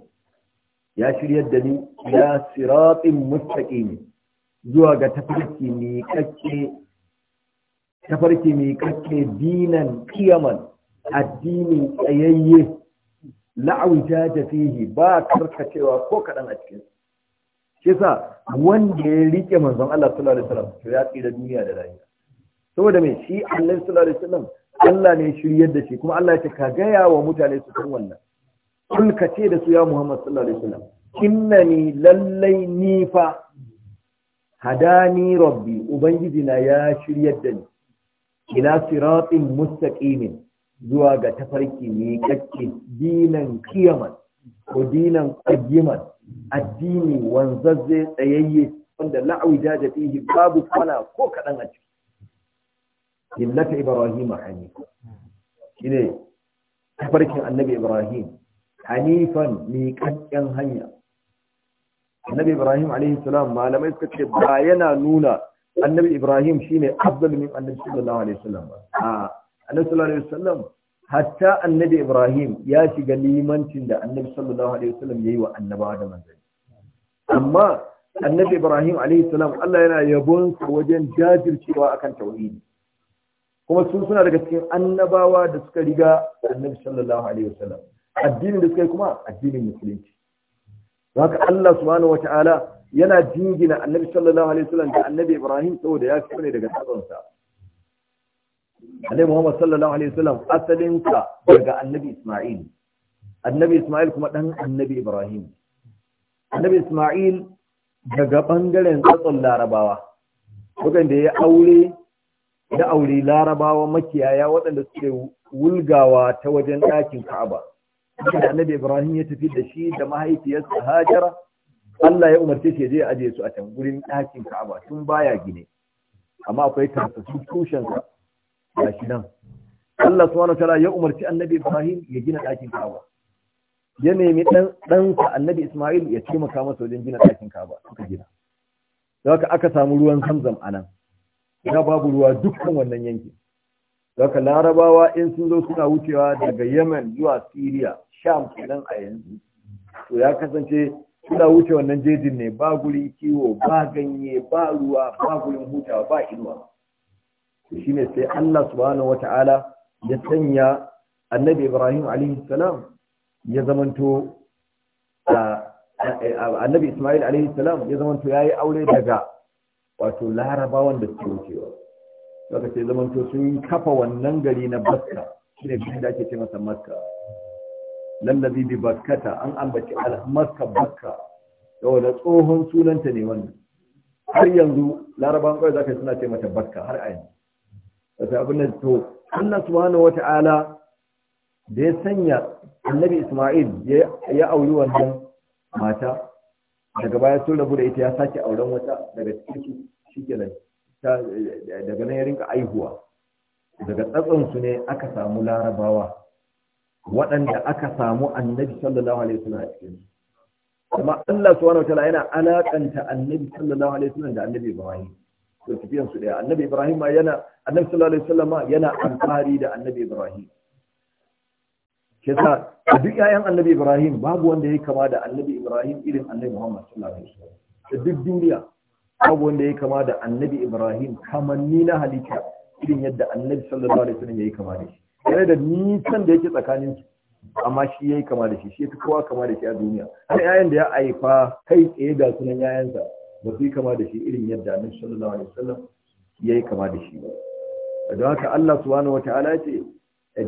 ya shiryar da ni ya siratin mustaqim zuwa ga tafarki ne kake tafarki mai kake dinan kiyaman addini tsayayye la'awita ta fihi ba karkacewa ko kaɗan a cikin shi sa wanda ya rike manzon Allah sallallahu alaihi wasallam to ya tsira duniya da lahira saboda me shi Allah sallallahu alaihi wasallam Allah ne shiryar da shi kuma Allah ya ce ka gaya wa mutane su san wannan kul ka ce da su ya Muhammad sallallahu alaihi wasallam innani lallai ni fa hadani rabbi ubangiji na ya shiryar da ni ila siratin mustaqimin zuwa ga tafarki ne kacce dinan kiyaman ko dinan qayyiman addini wanzazze tsayayye wanda la'awi da fihi babu kwana ko kaɗan a ciki millata ibrahim hanifa shine tafarkin annabi ibrahim hanifan miƙaƙƙen hanya annabi ibrahim alaihi salam malamai suka ce ba yana nuna annabi ibrahim shine afdal min annabi sallallahu alaihi wasallam a annabi sallallahu alaihi wasallam hatta annabi ibrahim ya shiga limancin da annabi sallallahu alaihi wasallam yayi wa annabawa da manzanni amma annabi ibrahim alaihi salam Allah yana yabon sa wajen jajircewa akan tauhidi kuma sun suna daga cikin annabawa da suka riga annabi sallallahu alaihi wasallam addinin da suka yi kuma addinin musulunci haka Allah subhanahu wataala yana jingina annabi sallallahu alaihi wasallam da annabi ibrahim saboda ya fito daga tsatsansa annabi muhammad sallallahu alaihi wasallam asalinsa daga annabi isma'il annabi isma'il kuma dan annabi ibrahim annabi isma'il daga bangaren tsatson larabawa da ya aure da aure larabawa makiyaya waɗanda suke wulgawa ta wajen ɗakin ka'aba da annabi ibrahim ya tafi da shi da mahaifiyarsa hajara Allah ya umarce shi ya je aje ajiye su a can gurin ɗakin Ka'aba tun baya gine amma akwai tushen sa ga shi nan Allah subhanahu wataala ya umarci Annabi Ibrahim ya gina ɗakin Ka'aba ya nemi ɗansa Annabi Ismail ya taimaka masa wajen gina ɗakin Ka'aba suka gina haka aka samu ruwan Zamzam a nan ya babu ruwa dukkan wannan yankin haka larabawa in sun zo suna wucewa daga Yemen zuwa Syria, Sham kenan a yanzu. To ya kasance suna wuce wannan jejin ne ba guri kiwo ba ganye ba ruwa ba gurin hutawa ba inuwa shi ne sai Allah subhanahu wata'ala ya sanya annabi Ibrahim alaihi salam ya zamanto annabi Ismail alaihi salam ya zamanto yayi aure daga wato larabawan da suke wucewa daga sai zamanto sun kafa wannan gari na Bakka shine da ake ce masa Makka lallabi bi bakkata an ambaci almaska bakka da tsohon sunanta ne wannan har yanzu laraban kawai zaka suna ce mata bakka har a yanzu wata abin da to Allah subhanahu wata'ala da ya sanya annabi Ismail ya auri wannan mata daga baya sun rabu da ita ya sake auren wata daga cikin shikenan daga nan ya rinka aihuwa daga tsatsan su ne aka samu larabawa waɗanda aka samu annabi sallallahu alaihi wasallam a cikin Kuma Allah subhanahu wataala yana alakanta annabi sallallahu alaihi wasallam da annabi Ibrahim to tafiyan su daya annabi Ibrahim ma yana annabi sallallahu alaihi wasallam yana alfahari da annabi Ibrahim kisa a duk yayan annabi Ibrahim babu wanda ya kama da annabi Ibrahim irin annabi Muhammad sallallahu alaihi wasallam da duk duniya babu wanda ya kama da annabi Ibrahim kamanni na halitta irin yadda annabi sallallahu alaihi wasallam yayi kama da shi yana da nisan da yake tsakanin su amma shi yayi kama da shi shi yafi kowa kama da shi a duniya har yayan da ya aifa kai tsaye ga sunan yayansa ba su yi kama da shi irin yadda annabi sallallahu alaihi wasallam yayi kama da shi ba don haka Allah subhanahu wataala ya ce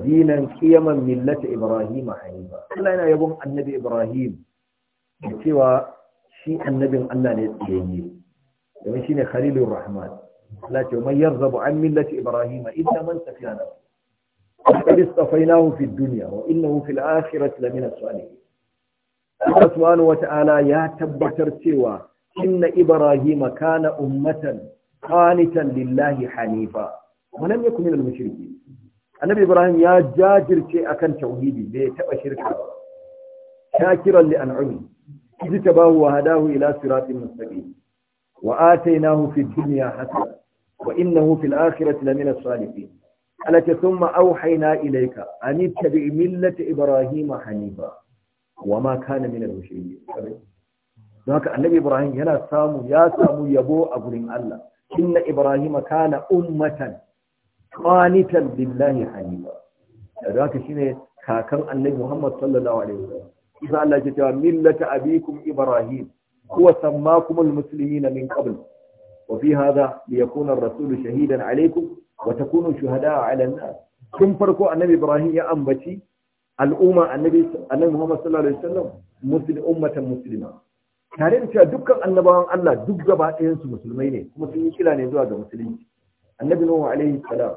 dinan qiyaman millata ibrahima hanifa Allah yana yabon annabi ibrahim da cewa shi annabin Allah ne tsayayye domin shine khalilur rahman Allah ce man yarzabu an millati ibrahima illa man safiya nafsa لقد اصطفيناه في الدنيا وانه في الاخره لمن الصالحين Allah subhanahu wata'ala ya tabbatar cewa inna Ibrahim kana ummatan qanitan lillahi hanifa wa lam yakun minal mushrikeen Annabi Ibrahim ya jajirce akan tauhidi bai taba shirka ba shakiran li an'ami ta wa hadahu ila siratin mustaqim wa atainahu fid dunya hasana wa lamina Allah ce sun ilaika an yi tabi millata Ibrahim Hanifa wa ma kana minar mushrikin don haka annabi Ibrahim yana samu ya samu yabo a gurin Allah inna Ibrahim kana ummatan qanitan lillahi hanifa don haka shine kakan annabi Muhammad sallallahu alaihi wasallam isa Allah ya cewa millata abikum Ibrahim huwa sammakumul na min qabl وفي هذا ليكون الرسول شهيدا عليكم Wata takunu shuhada a an-nas kun farko annabi ibrahim ya ambaci al'umma annabi annabi muhammad sallallahu alaihi wasallam muslim ummatan muslima tare da cewa dukkan annabawan Allah duk gaba ɗayan su musulmai ne kuma sun yi kira ne zuwa ga musulunci annabi nuhu alaihi salam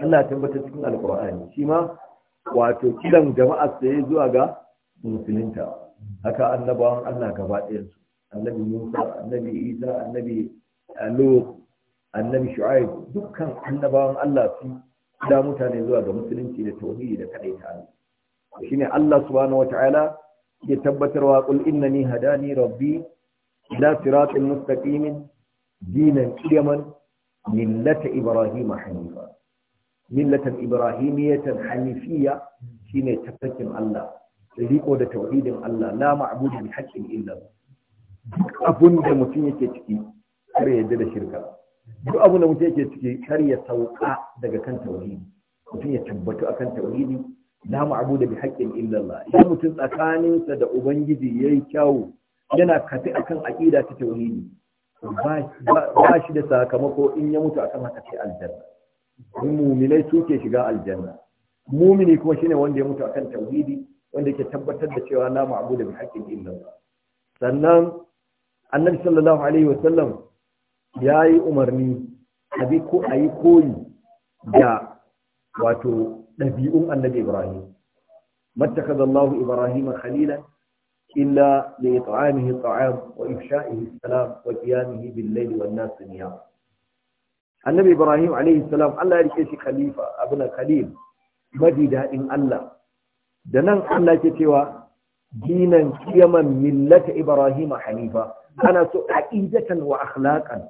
Allah tabbatar cikin alqur'ani shi ma wato kiran jama'a sai zuwa ga musulunta haka annabawan Allah gaba ɗayan su annabi Musa annabi Isa annabi Lut annabi shu'aib dukkan annabawan Allah su da mutane zuwa ga musulunci da tauhidi da kadai ta Allah shine Allah subhanahu wataala ke tabbatarwa qul innani hadani rabbi ila siratin mustaqimin dinan qiyaman millata ibrahima hanifa millatan ibrahimiyatan hanifiyya shine tafakin Allah riko da tauhidin Allah la ma'budu bi haqqin illa duk abun da mutum yake ciki kare yadda da shirka duk abin da mutum yake ciki kar ya sauka daga kan tauhidi mutum ya tabbatu akan tauhidi la ma'budu bi haqqin illa Allah idan mutum tsakaninsa da ubangiji yayi kyau yana kafi akan aqida ta tauhidi ba shi da sakamako in ya mutu akan haka sai aljanna muminai suke shiga aljanna mumini kuma shine wanda ya mutu akan tauhidi wanda ke tabbatar da cewa la ma'budu bi haqqin illa Allah sannan annabi sallallahu alaihi wasallam ya yi umarni a bi ko a yi koyi da wato ɗabi'un annabi ibrahim mattakaza allahu ibrahim Khalila illa li it'amihi at'am wa ifsha'ihi salam wa qiyamihi bil layli wan nas niyam annabi ibrahim alayhi salam Allah ya rike shi khalifa abuna khalil mafi haɗin Allah da nan Allah ke cewa dinan kiyaman millata ibrahim hanifa ana so aqidatan wa akhlaqan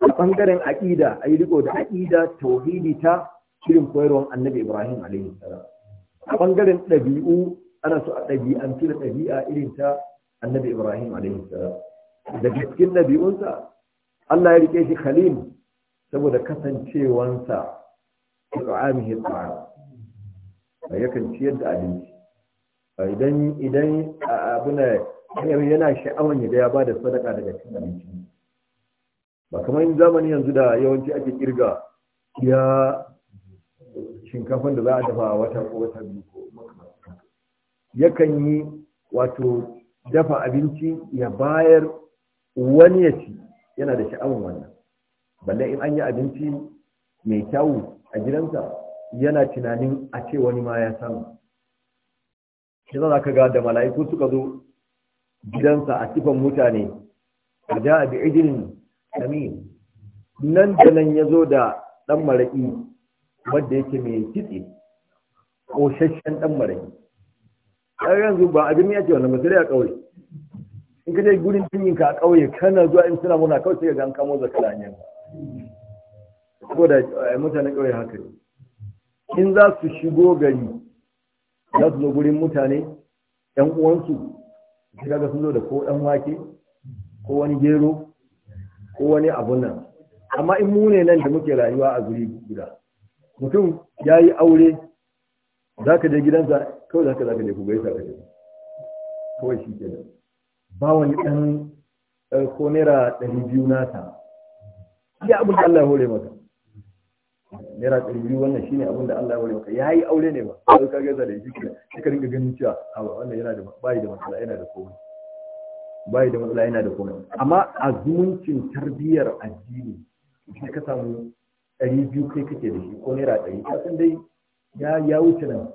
a ɓangaren aƙida a yi riko da aƙida tauhidi ta shirin koyarwar annabi ibrahim alaihi salam a ɓangaren ɗabi'u ana so a ɗabi'antu da ɗabi'a irin ta annabi ibrahim alaihi salam daga cikin ɗabi'unsa allah ya rike shi khalil saboda kasancewansa ƙa'amihi ta'ala yakan ciyar da abinci idan idan abuna yana sha'awan ya ga ya bada sadaka daga cikin abinci ba kamar yin zamani yanzu da yawanci ake kirga ya shinkafan da za a dafa wata ko wata biyu ko yakan yi wato dafa abinci ya bayar wani ya ci yana da sha'awar wannan balle in an yi abinci mai kyawu a gidansa yana tunanin a ce wani ma ya samu shi za ka ga da mala'iku suka zo gidansa a kifan mutane a da bi idinin amin nan da nan ya zo da ɗan maraƙi wadda yake mai kitse ƙoshashen ɗan maraƙi ɗan yanzu ba abin ya ce wani ba a ƙauye in ka je gurin ka a ƙauye kana zuwa in suna muna kawai sai ga an kamo da hanyar ko da eh, mutanen ƙauye haka in za su shigo gari za su zo gurin mutane ‘yan uwansu sai kaga sun zo da ko ɗan wake ko wani gero ko wani abun nan amma in mu ne nan da muke rayuwa a guri guda mutum ya yi aure za ka je gidansa kawai za ka za ka je ku gaisa ka je kawai shi ke nan ba wani ɗan ko naira ɗari biyu nata iya abin da Allah ya hore maka naira ɗari biyu wannan shine abin da Allah ya hore maka ya yi aure ne ba sai ka gaisa da shi ka rinka ganin cewa a wannan yana da bayi da matsala yana da komai bai da matsala yana da komai amma a zumuncin tarbiyyar addini shi ka samu ɗari biyu kai kake da shi ko naira ɗari ka san dai ya ya wuce nan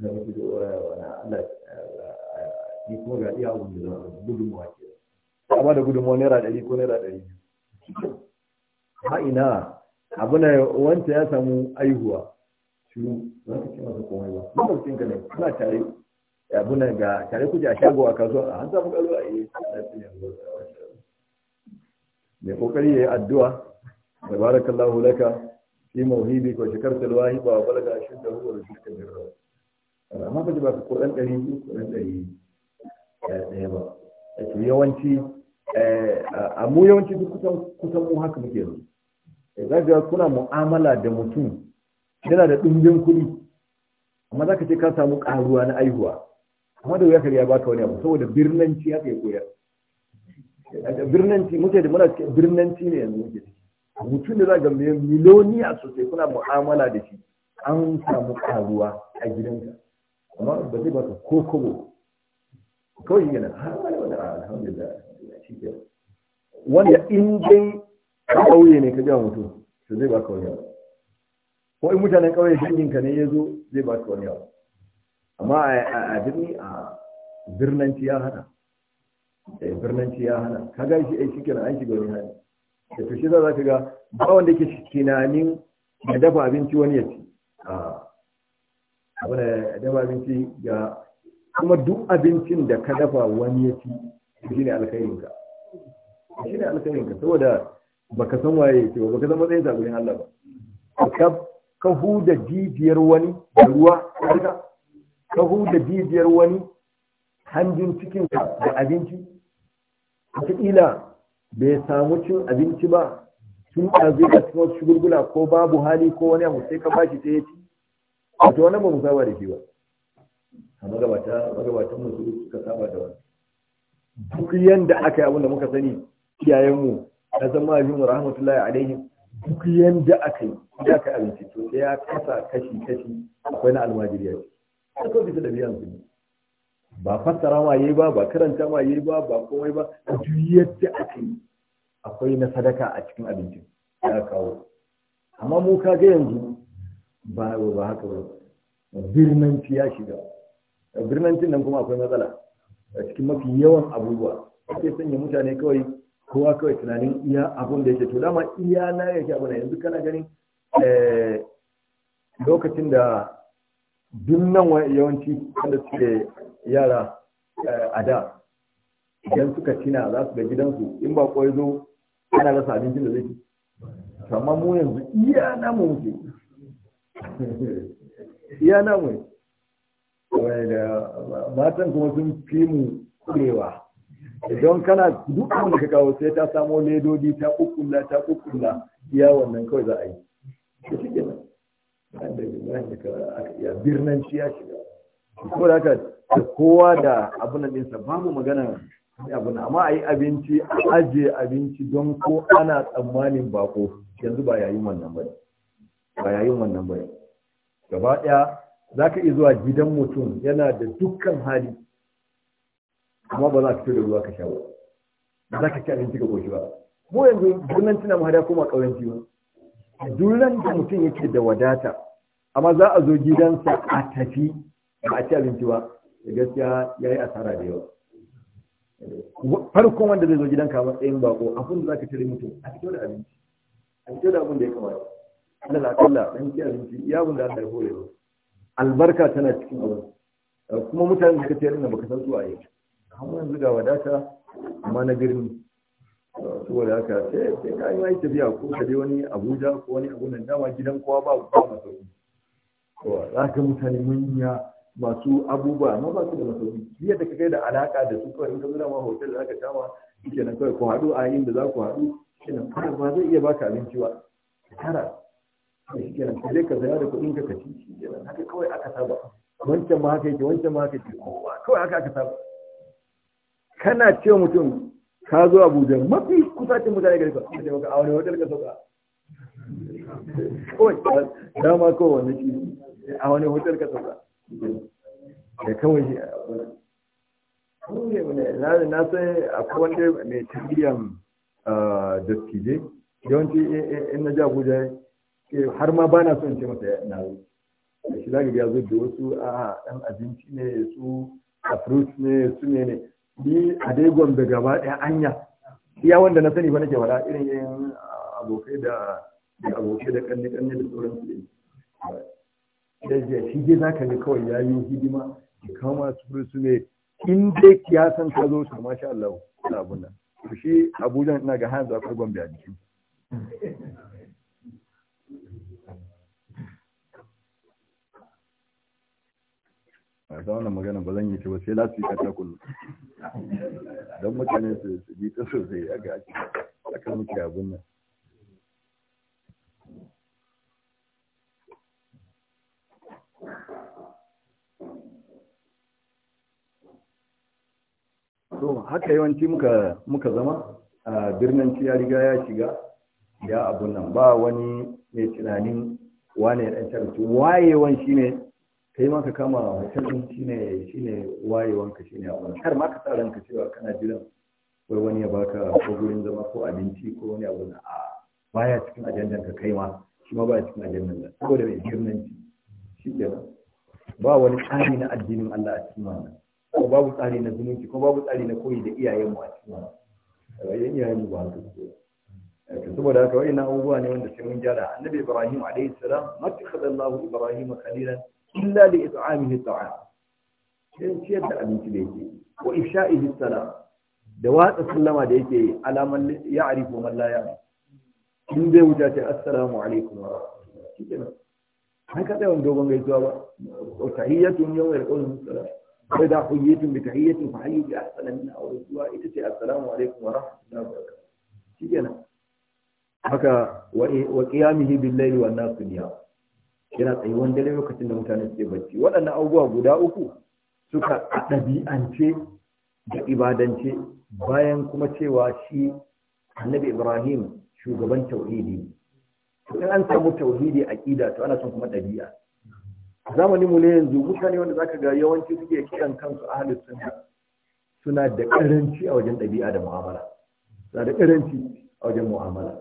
na mutu da eh, Allah eh, ni kuma ga iya abun da gudunmuwa ke amma da gudunmuwa naira ɗari ko naira ɗari ha ina abu na wanta ya samu aihuwa shi za ka ce masa komai ba lokacin ka ne kana tare abuna ga tare kuje a shago a kasuwa an samu kalo a yi mai kokari ya yi addu'a da barakallahu laka fi mauhibi ko shekar talwahi ba wa balaga shi da hukumar shirka da rawa amma ba ji ba ko dan ɗari ko dan ɗari ɗaya ba to yawanci eh, a mu yawanci duk kusan mu haka muke yanzu eh, za ga kuna mu'amala da mutum yana da ɗumbin kuɗi amma za ka ce ka samu ƙaruwa na aihuwa amma da wuya ya baka wani abu saboda birnanci haka ya koyar birnanci muke da muna cikin birnanci ne yanzu muke ciki mutum da za ga miloniya sosai kuna mu'amala da shi an samu karuwa a gidanka amma ba zai baka ko kobo kawai yana ah, alhamdulillah wanda in dai ƙauye ne ka ga mutum to zai baka wani abu ko in mutanen ƙauye shingin ka ne ya zo zai baka wani abu amma a birni a birnanci ya hana eh, birnanci ya hana ka ga shi ai eh, shi kenan an shiga wani hali da eh, to shi za ka ga ba wanda yake tunanin ya dafa abinci wani ya ci wani da dafa abinci ga kuma duk abincin da ka dafa wani ya ci shi ne alkhairinka shi ne alkhairinka saboda ka san waye ce ba ka san matsayin sa Allah ba ka hu da jijiyar wani da ruwa duka ka huda jijiyar wani hanjin cikin da abinci wataƙila bai samu cin abinci ba tun ɗazu a cikin wasu shugulgula ko babu hali ko wani abu sai ka bashi ta yi ci wani ba mu saba da shi ba a magabata magabatan musu suka saba da wani duk yanda aka yi abin da muka sani iyayenmu na zama abin mu rahmatullahi alaihim duk yanda aka yi da aka abinci to sai ya kasa kashi kashi akwai na almajiriya ba fassara ma yi ba ba karanta ma yi ba ba komai ba a duk yadda ake yi akwai na sadaka a cikin abinci ya kawo amma mu ka ga yanzu ba ba haka ba birnanci ya shiga birnancin nan kuma akwai matsala a cikin mafi yawan abubuwa ake sanya mutane kawai kowa kawai tunanin iya abun da yake to dama iya na yake abu yanzu kana ganin eh, lokacin da duk nan yawanci wanda suke yara eh, a da idan suka tina za su ga gidansu in ba ya zo ana rasa abincin da zai ci amma mu yanzu iya namu muke iya namu da matan kuma sun fi mu kurewa idan kana duk da ka kawo sai ta samo ledodi ta kukulla ta kukulla iya wannan kawai za a yi wanda ya shiga aka iya birnin shi ya shiga ko da haka kowa da abin nan ɗinsa ba mu magana abin amma a yi abinci a ajiye abinci don ko ana tsammanin bako yanzu ba yayin wannan ba ba yayin wannan ba gaba ɗaya za ka iya zuwa gidan mutum yana da dukkan hali amma ba za ka fito da ruwa ka sha ba za ka ci abinci ka koshi ba mu yanzu birnin na mu hada koma ƙauyen ba duk da mutum yake da wadata amma za a zo gidansa a tafi ba a ci abinci ba gaskiya ya yi asara da yawa farkon wanda zai zo gidanka a matsayin bako abin da za ka tare mutum a fito da abinci a fito da abin da ya kamata Allah na kalla dan ci abinci ya bun da Allah ya hore ba albarka tana cikin abin kuma mutane da ka tare da baka san su a yau amma yanzu ga wadata amma na birni saboda haka sai sai ka yi tafiya ko ka je wani abuja ko wani abu nan dama gidan kowa ba ba masauki to za ka mutane manya masu abubuwa amma ba su da masauki biya da ka kai da alaka da su kawai in ka zo ma hotel za ka kama shi nan kawai ku haɗu a inda za ku haɗu shi nan kawai ba zai iya baka abinci ba tara shi kenan ka je ka saya da kuɗin ka kaci shi kenan haka kawai aka saba wancan ma haka yake wancan ma haka yake kowa kawai haka aka saba kana ce mutum ka zo abuja mafi cin mutane gari ka a maka wani hotel ka sauka kawai dama kawai wani shi a wani hotel ka sauka da kawai shi a wani na san akwai wanda mai tarbiyyar dattijai yawanci in na ji abuja eh, har ma ba na son ce masa na zo shi zaka ga zo da wasu a ɗan abinci ne su a fruit ne su ne ne ni a dai gombe gaba ɗaya anya iya wanda na sani ba nake wada irin yin ah, abokai da abokai da kanne kanne da tsoron su da ya shi je ka ne kawai ya yi hidima ya kama su su ne in dai ya san ka zo to masha Allah abun nan to shi Abuja ina ga hanzu akwai gombe a jiki a da magana ba zan yi ce ba sai lasu yi a ta don mutane su bi ta sosai a ga ake aka muke abin nan so haka yawanci muka zama a birnin ya riga ya shiga ya abun nan ba wani mai tunanin wane ya ɗan wayewan shi ne. kai ma ka kama hotel din wayewan shine wayewanka a abin har ma ka sa ranka cewa kana jiran wai wani ya baka ko gurin zama ko abinci ko wani abu na a baya cikin ajandan ka kai ma shi ma baya cikin ajandan ka saboda mai girmanci shi ke ba wani tsari na addinin Allah a cikin wannan ko babu tsari na zumunci ko babu tsari na koyi da iyayenmu a cikin wannan iyayenmu ba haka ce eh, saboda haka na abubuwa ne wanda sai mun gyara annabi Ibrahim alayhi salam matakhadallahu Ibrahim khalilan illa li it'amihi ta'am sai ciyar da abinci da yake ko ifsha'ihi salam da watsa sallama da yake alaman ya'rifu man la ya'rif in bai wuta ce assalamu alaikum wa rahmatullahi dogon gaisuwa ba wa barakatuh yana tsayuwan dare lokacin da mutane suke bacci waɗannan abubuwa guda uku suka ɗabi'ance da ibadance bayan kuma cewa shi annabi ibrahim shugaban tauhidi in an samu tauhidi a ƙida to ana son kuma ɗabi'a zamani mu ne yanzu mutane wanda zaka ga yawanci suke kiran kansu halin sunna suna da karanci a wajen ɗabi'a da mu'amala suna da karanci a wajen mu'amala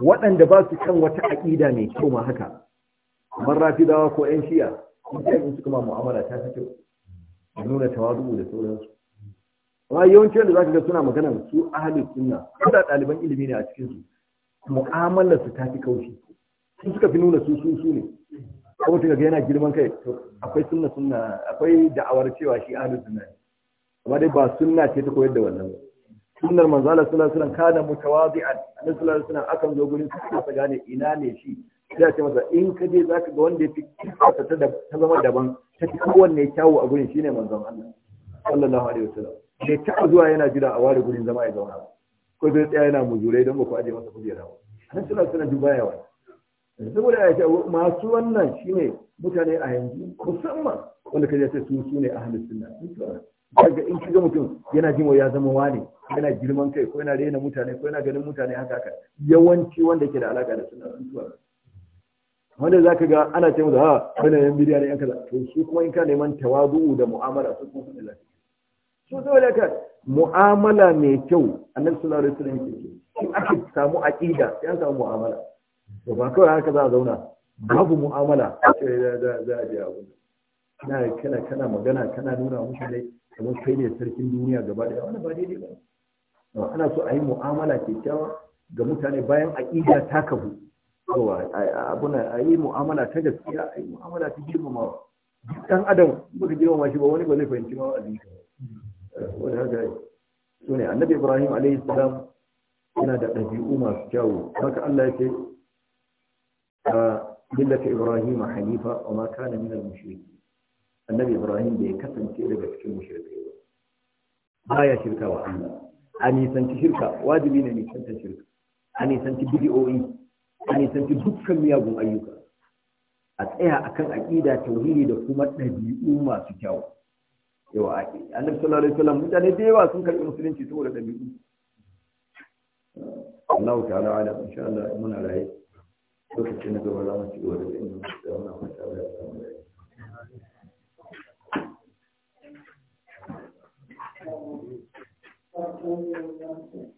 waɗanda ba su kan wata aƙida mai kyau ma haka kamar dawa ko ƴan shiya in ta yi suka ma mu'amala ta fi kyau a nuna tawazu da sauransu amma yawancin yadda za ka ga suna magana su ahalin sunna ko da ɗaliban ilimi ne a cikin su mu'amalar su ta fi kaushi sun suka fi nuna su su su ne ko mutum ga yana girman kai to akwai sunna sunna akwai da'awar cewa shi ahalin sunna ne amma dai ba sunna ce ta koyar da wannan ba sunnar manzala sallallahu alaihi wasallam kana mutawadi'an annabi sallallahu alaihi wasallam akan zo gurin su ka gane ina ne shi sai ce masa in ka je ka ga wanda ya fi kasa ta zama daban ta fi kowanne kyawu a gurin shine manzon Allah sallallahu alaihi wasallam bai ta zuwa yana jira a ware gurin zama ya zauna ba ko zai tsaya yana mujurai don ba ku aje masa kujera ba nan suna suna duba yawa saboda ya ce masu wannan shine mutane a yanzu musamman wanda ka sai su su ne ahlus sunna kaga in kiga mutum yana jin ya zama wani yana girman kai ko yana rena mutane ko yana ganin mutane haka haka yawanci wanda ke da alaka da sunna wanda ka ga ana ce musu ha wannan yan bidiyar yan kaza to su kuma in ka neman tawadu da mu'amala su kuma da lafiya su saboda ka mu'amala mai kyau annabi sallallahu alaihi wasallam yake shi ake samu aqida sai an samu mu'amala to ba kawai haka za a zauna babu mu'amala za a je abu kana kana kana magana kana nuna musu ne kamar kai ne sarkin duniya gaba daya wannan ba daidai ba ana so a yi mu'amala kyakkyawa ga mutane bayan aqida ta kafu yawa abuna a yi mu'amala ta gaskiya a yi mu'amala ta girmamawa duk ɗan adam baka girmama shi ba wani ba zai fahimci ma a jinka wani haka su ne annabi ibrahim alaihi salam yana da ɗabi'u masu kyawu haka allah ya ce millata ibrahim hanifa wa ma kana min al annabi ibrahim bai kasance daga cikin mushrikai ba baya shirka wa allah a nisanci shirka wajibi ne nisantar shirka a nisanci bidi'o'i a nisanci dukkan miyagun ayyuka a tsaya akan aƙida tauhidi da kuma ɗabi'u masu kyawu yawa annabi sallallahu alaihi wasallam mutane da yawa sun karɓi musulunci saboda ɗabi'u Allah ta'ala ala insha Allah muna raye lokacin da gaba za mu ci gaba da inda da wannan fata da samu Thank you.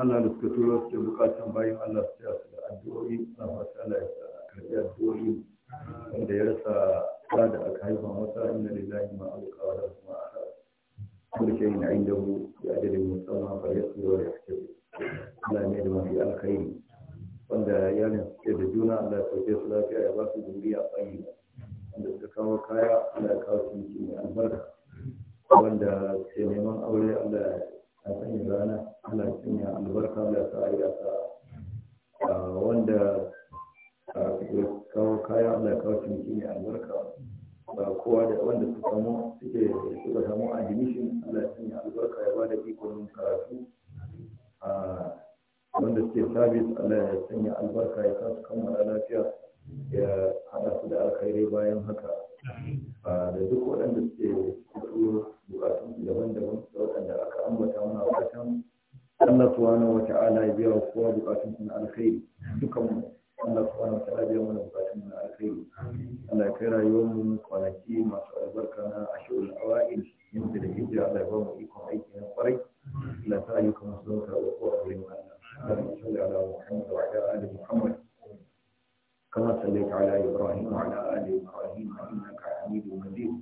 Allah da suka turo suke bukatan bayan Allah su su da addu'o'i na fata Allah ya karbi addu'o'i wanda ya rasa ta da aka haifa masa da lillahi ma alqa wa rasu ma mu ya 'indahu mu ajalin musamma ya yasbiru wa yahtab Allah ne da mafi alkhairi wanda yaran suke da juna Allah ya sauke su lafiya ya ba su a bayi wanda suka kawo kaya Allah ya kawo su mai albarka wanda ke neman aure Allah ya a sanya rana Allah ya albarka da sa ayi sa wanda kawo kaya Allah ya kawo ciniki mai albarka ba kowa da wanda su samu suke suka samu admission Allah ya sanya albarka ya bada ikon karatu wanda suke sabis Allah ya sanya albarka ya kasu kammala lafiya ya hada su da alkhairi bayan haka da duk waɗanda suke fito bukatun daban-daban da waɗanda aka ambata muna fatan Allah subhanahu wa ta'ala ya biya kowa bukatun na alkhairi dukan mu Allah subhanahu wa ta'ala biya mana bukatun na alkhairi Allah ya kai rayuwar mu kwanaki masu albarka na ashirul awa'il yanda da hijira Allah ya ba mu ikon aiki na kwarai Allah ta ayyukan masu sun karɓa kowa gurin Allah Allah ya salli ala Muhammad wa ala ali Muhammad كما صليت على إبراهيم وعلى آل إبراهيم إنك حميد مجيد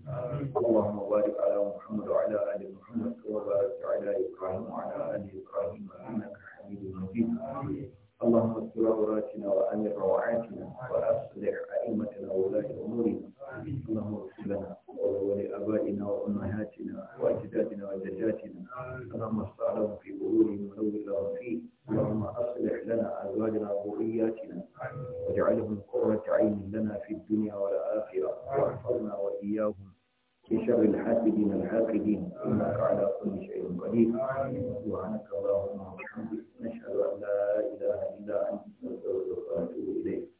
اللهم بارك على محمد وعلى آل محمد وبارك على إبراهيم وعلى آل إبراهيم إنك حميد مجيد اللهم استر عوراتنا وامن روعاتنا واصلح ائمتنا وولاة امورنا اللهم اغفر لنا ولابائنا وامهاتنا واجدادنا وجداتنا اللهم اصلح لهم في قبورهم ونور لهم فيه اللهم اصلح لنا ازواجنا وذرياتنا واجعلهم قرة عين لنا في الدنيا والاخره واحفظنا واياهم بشر الحاسدين الحاقدين انك على كل شيء قدير سبحانك اللهم وبحمدك نشهد ان لا اله الا انت نستغفرك ونتوب اليك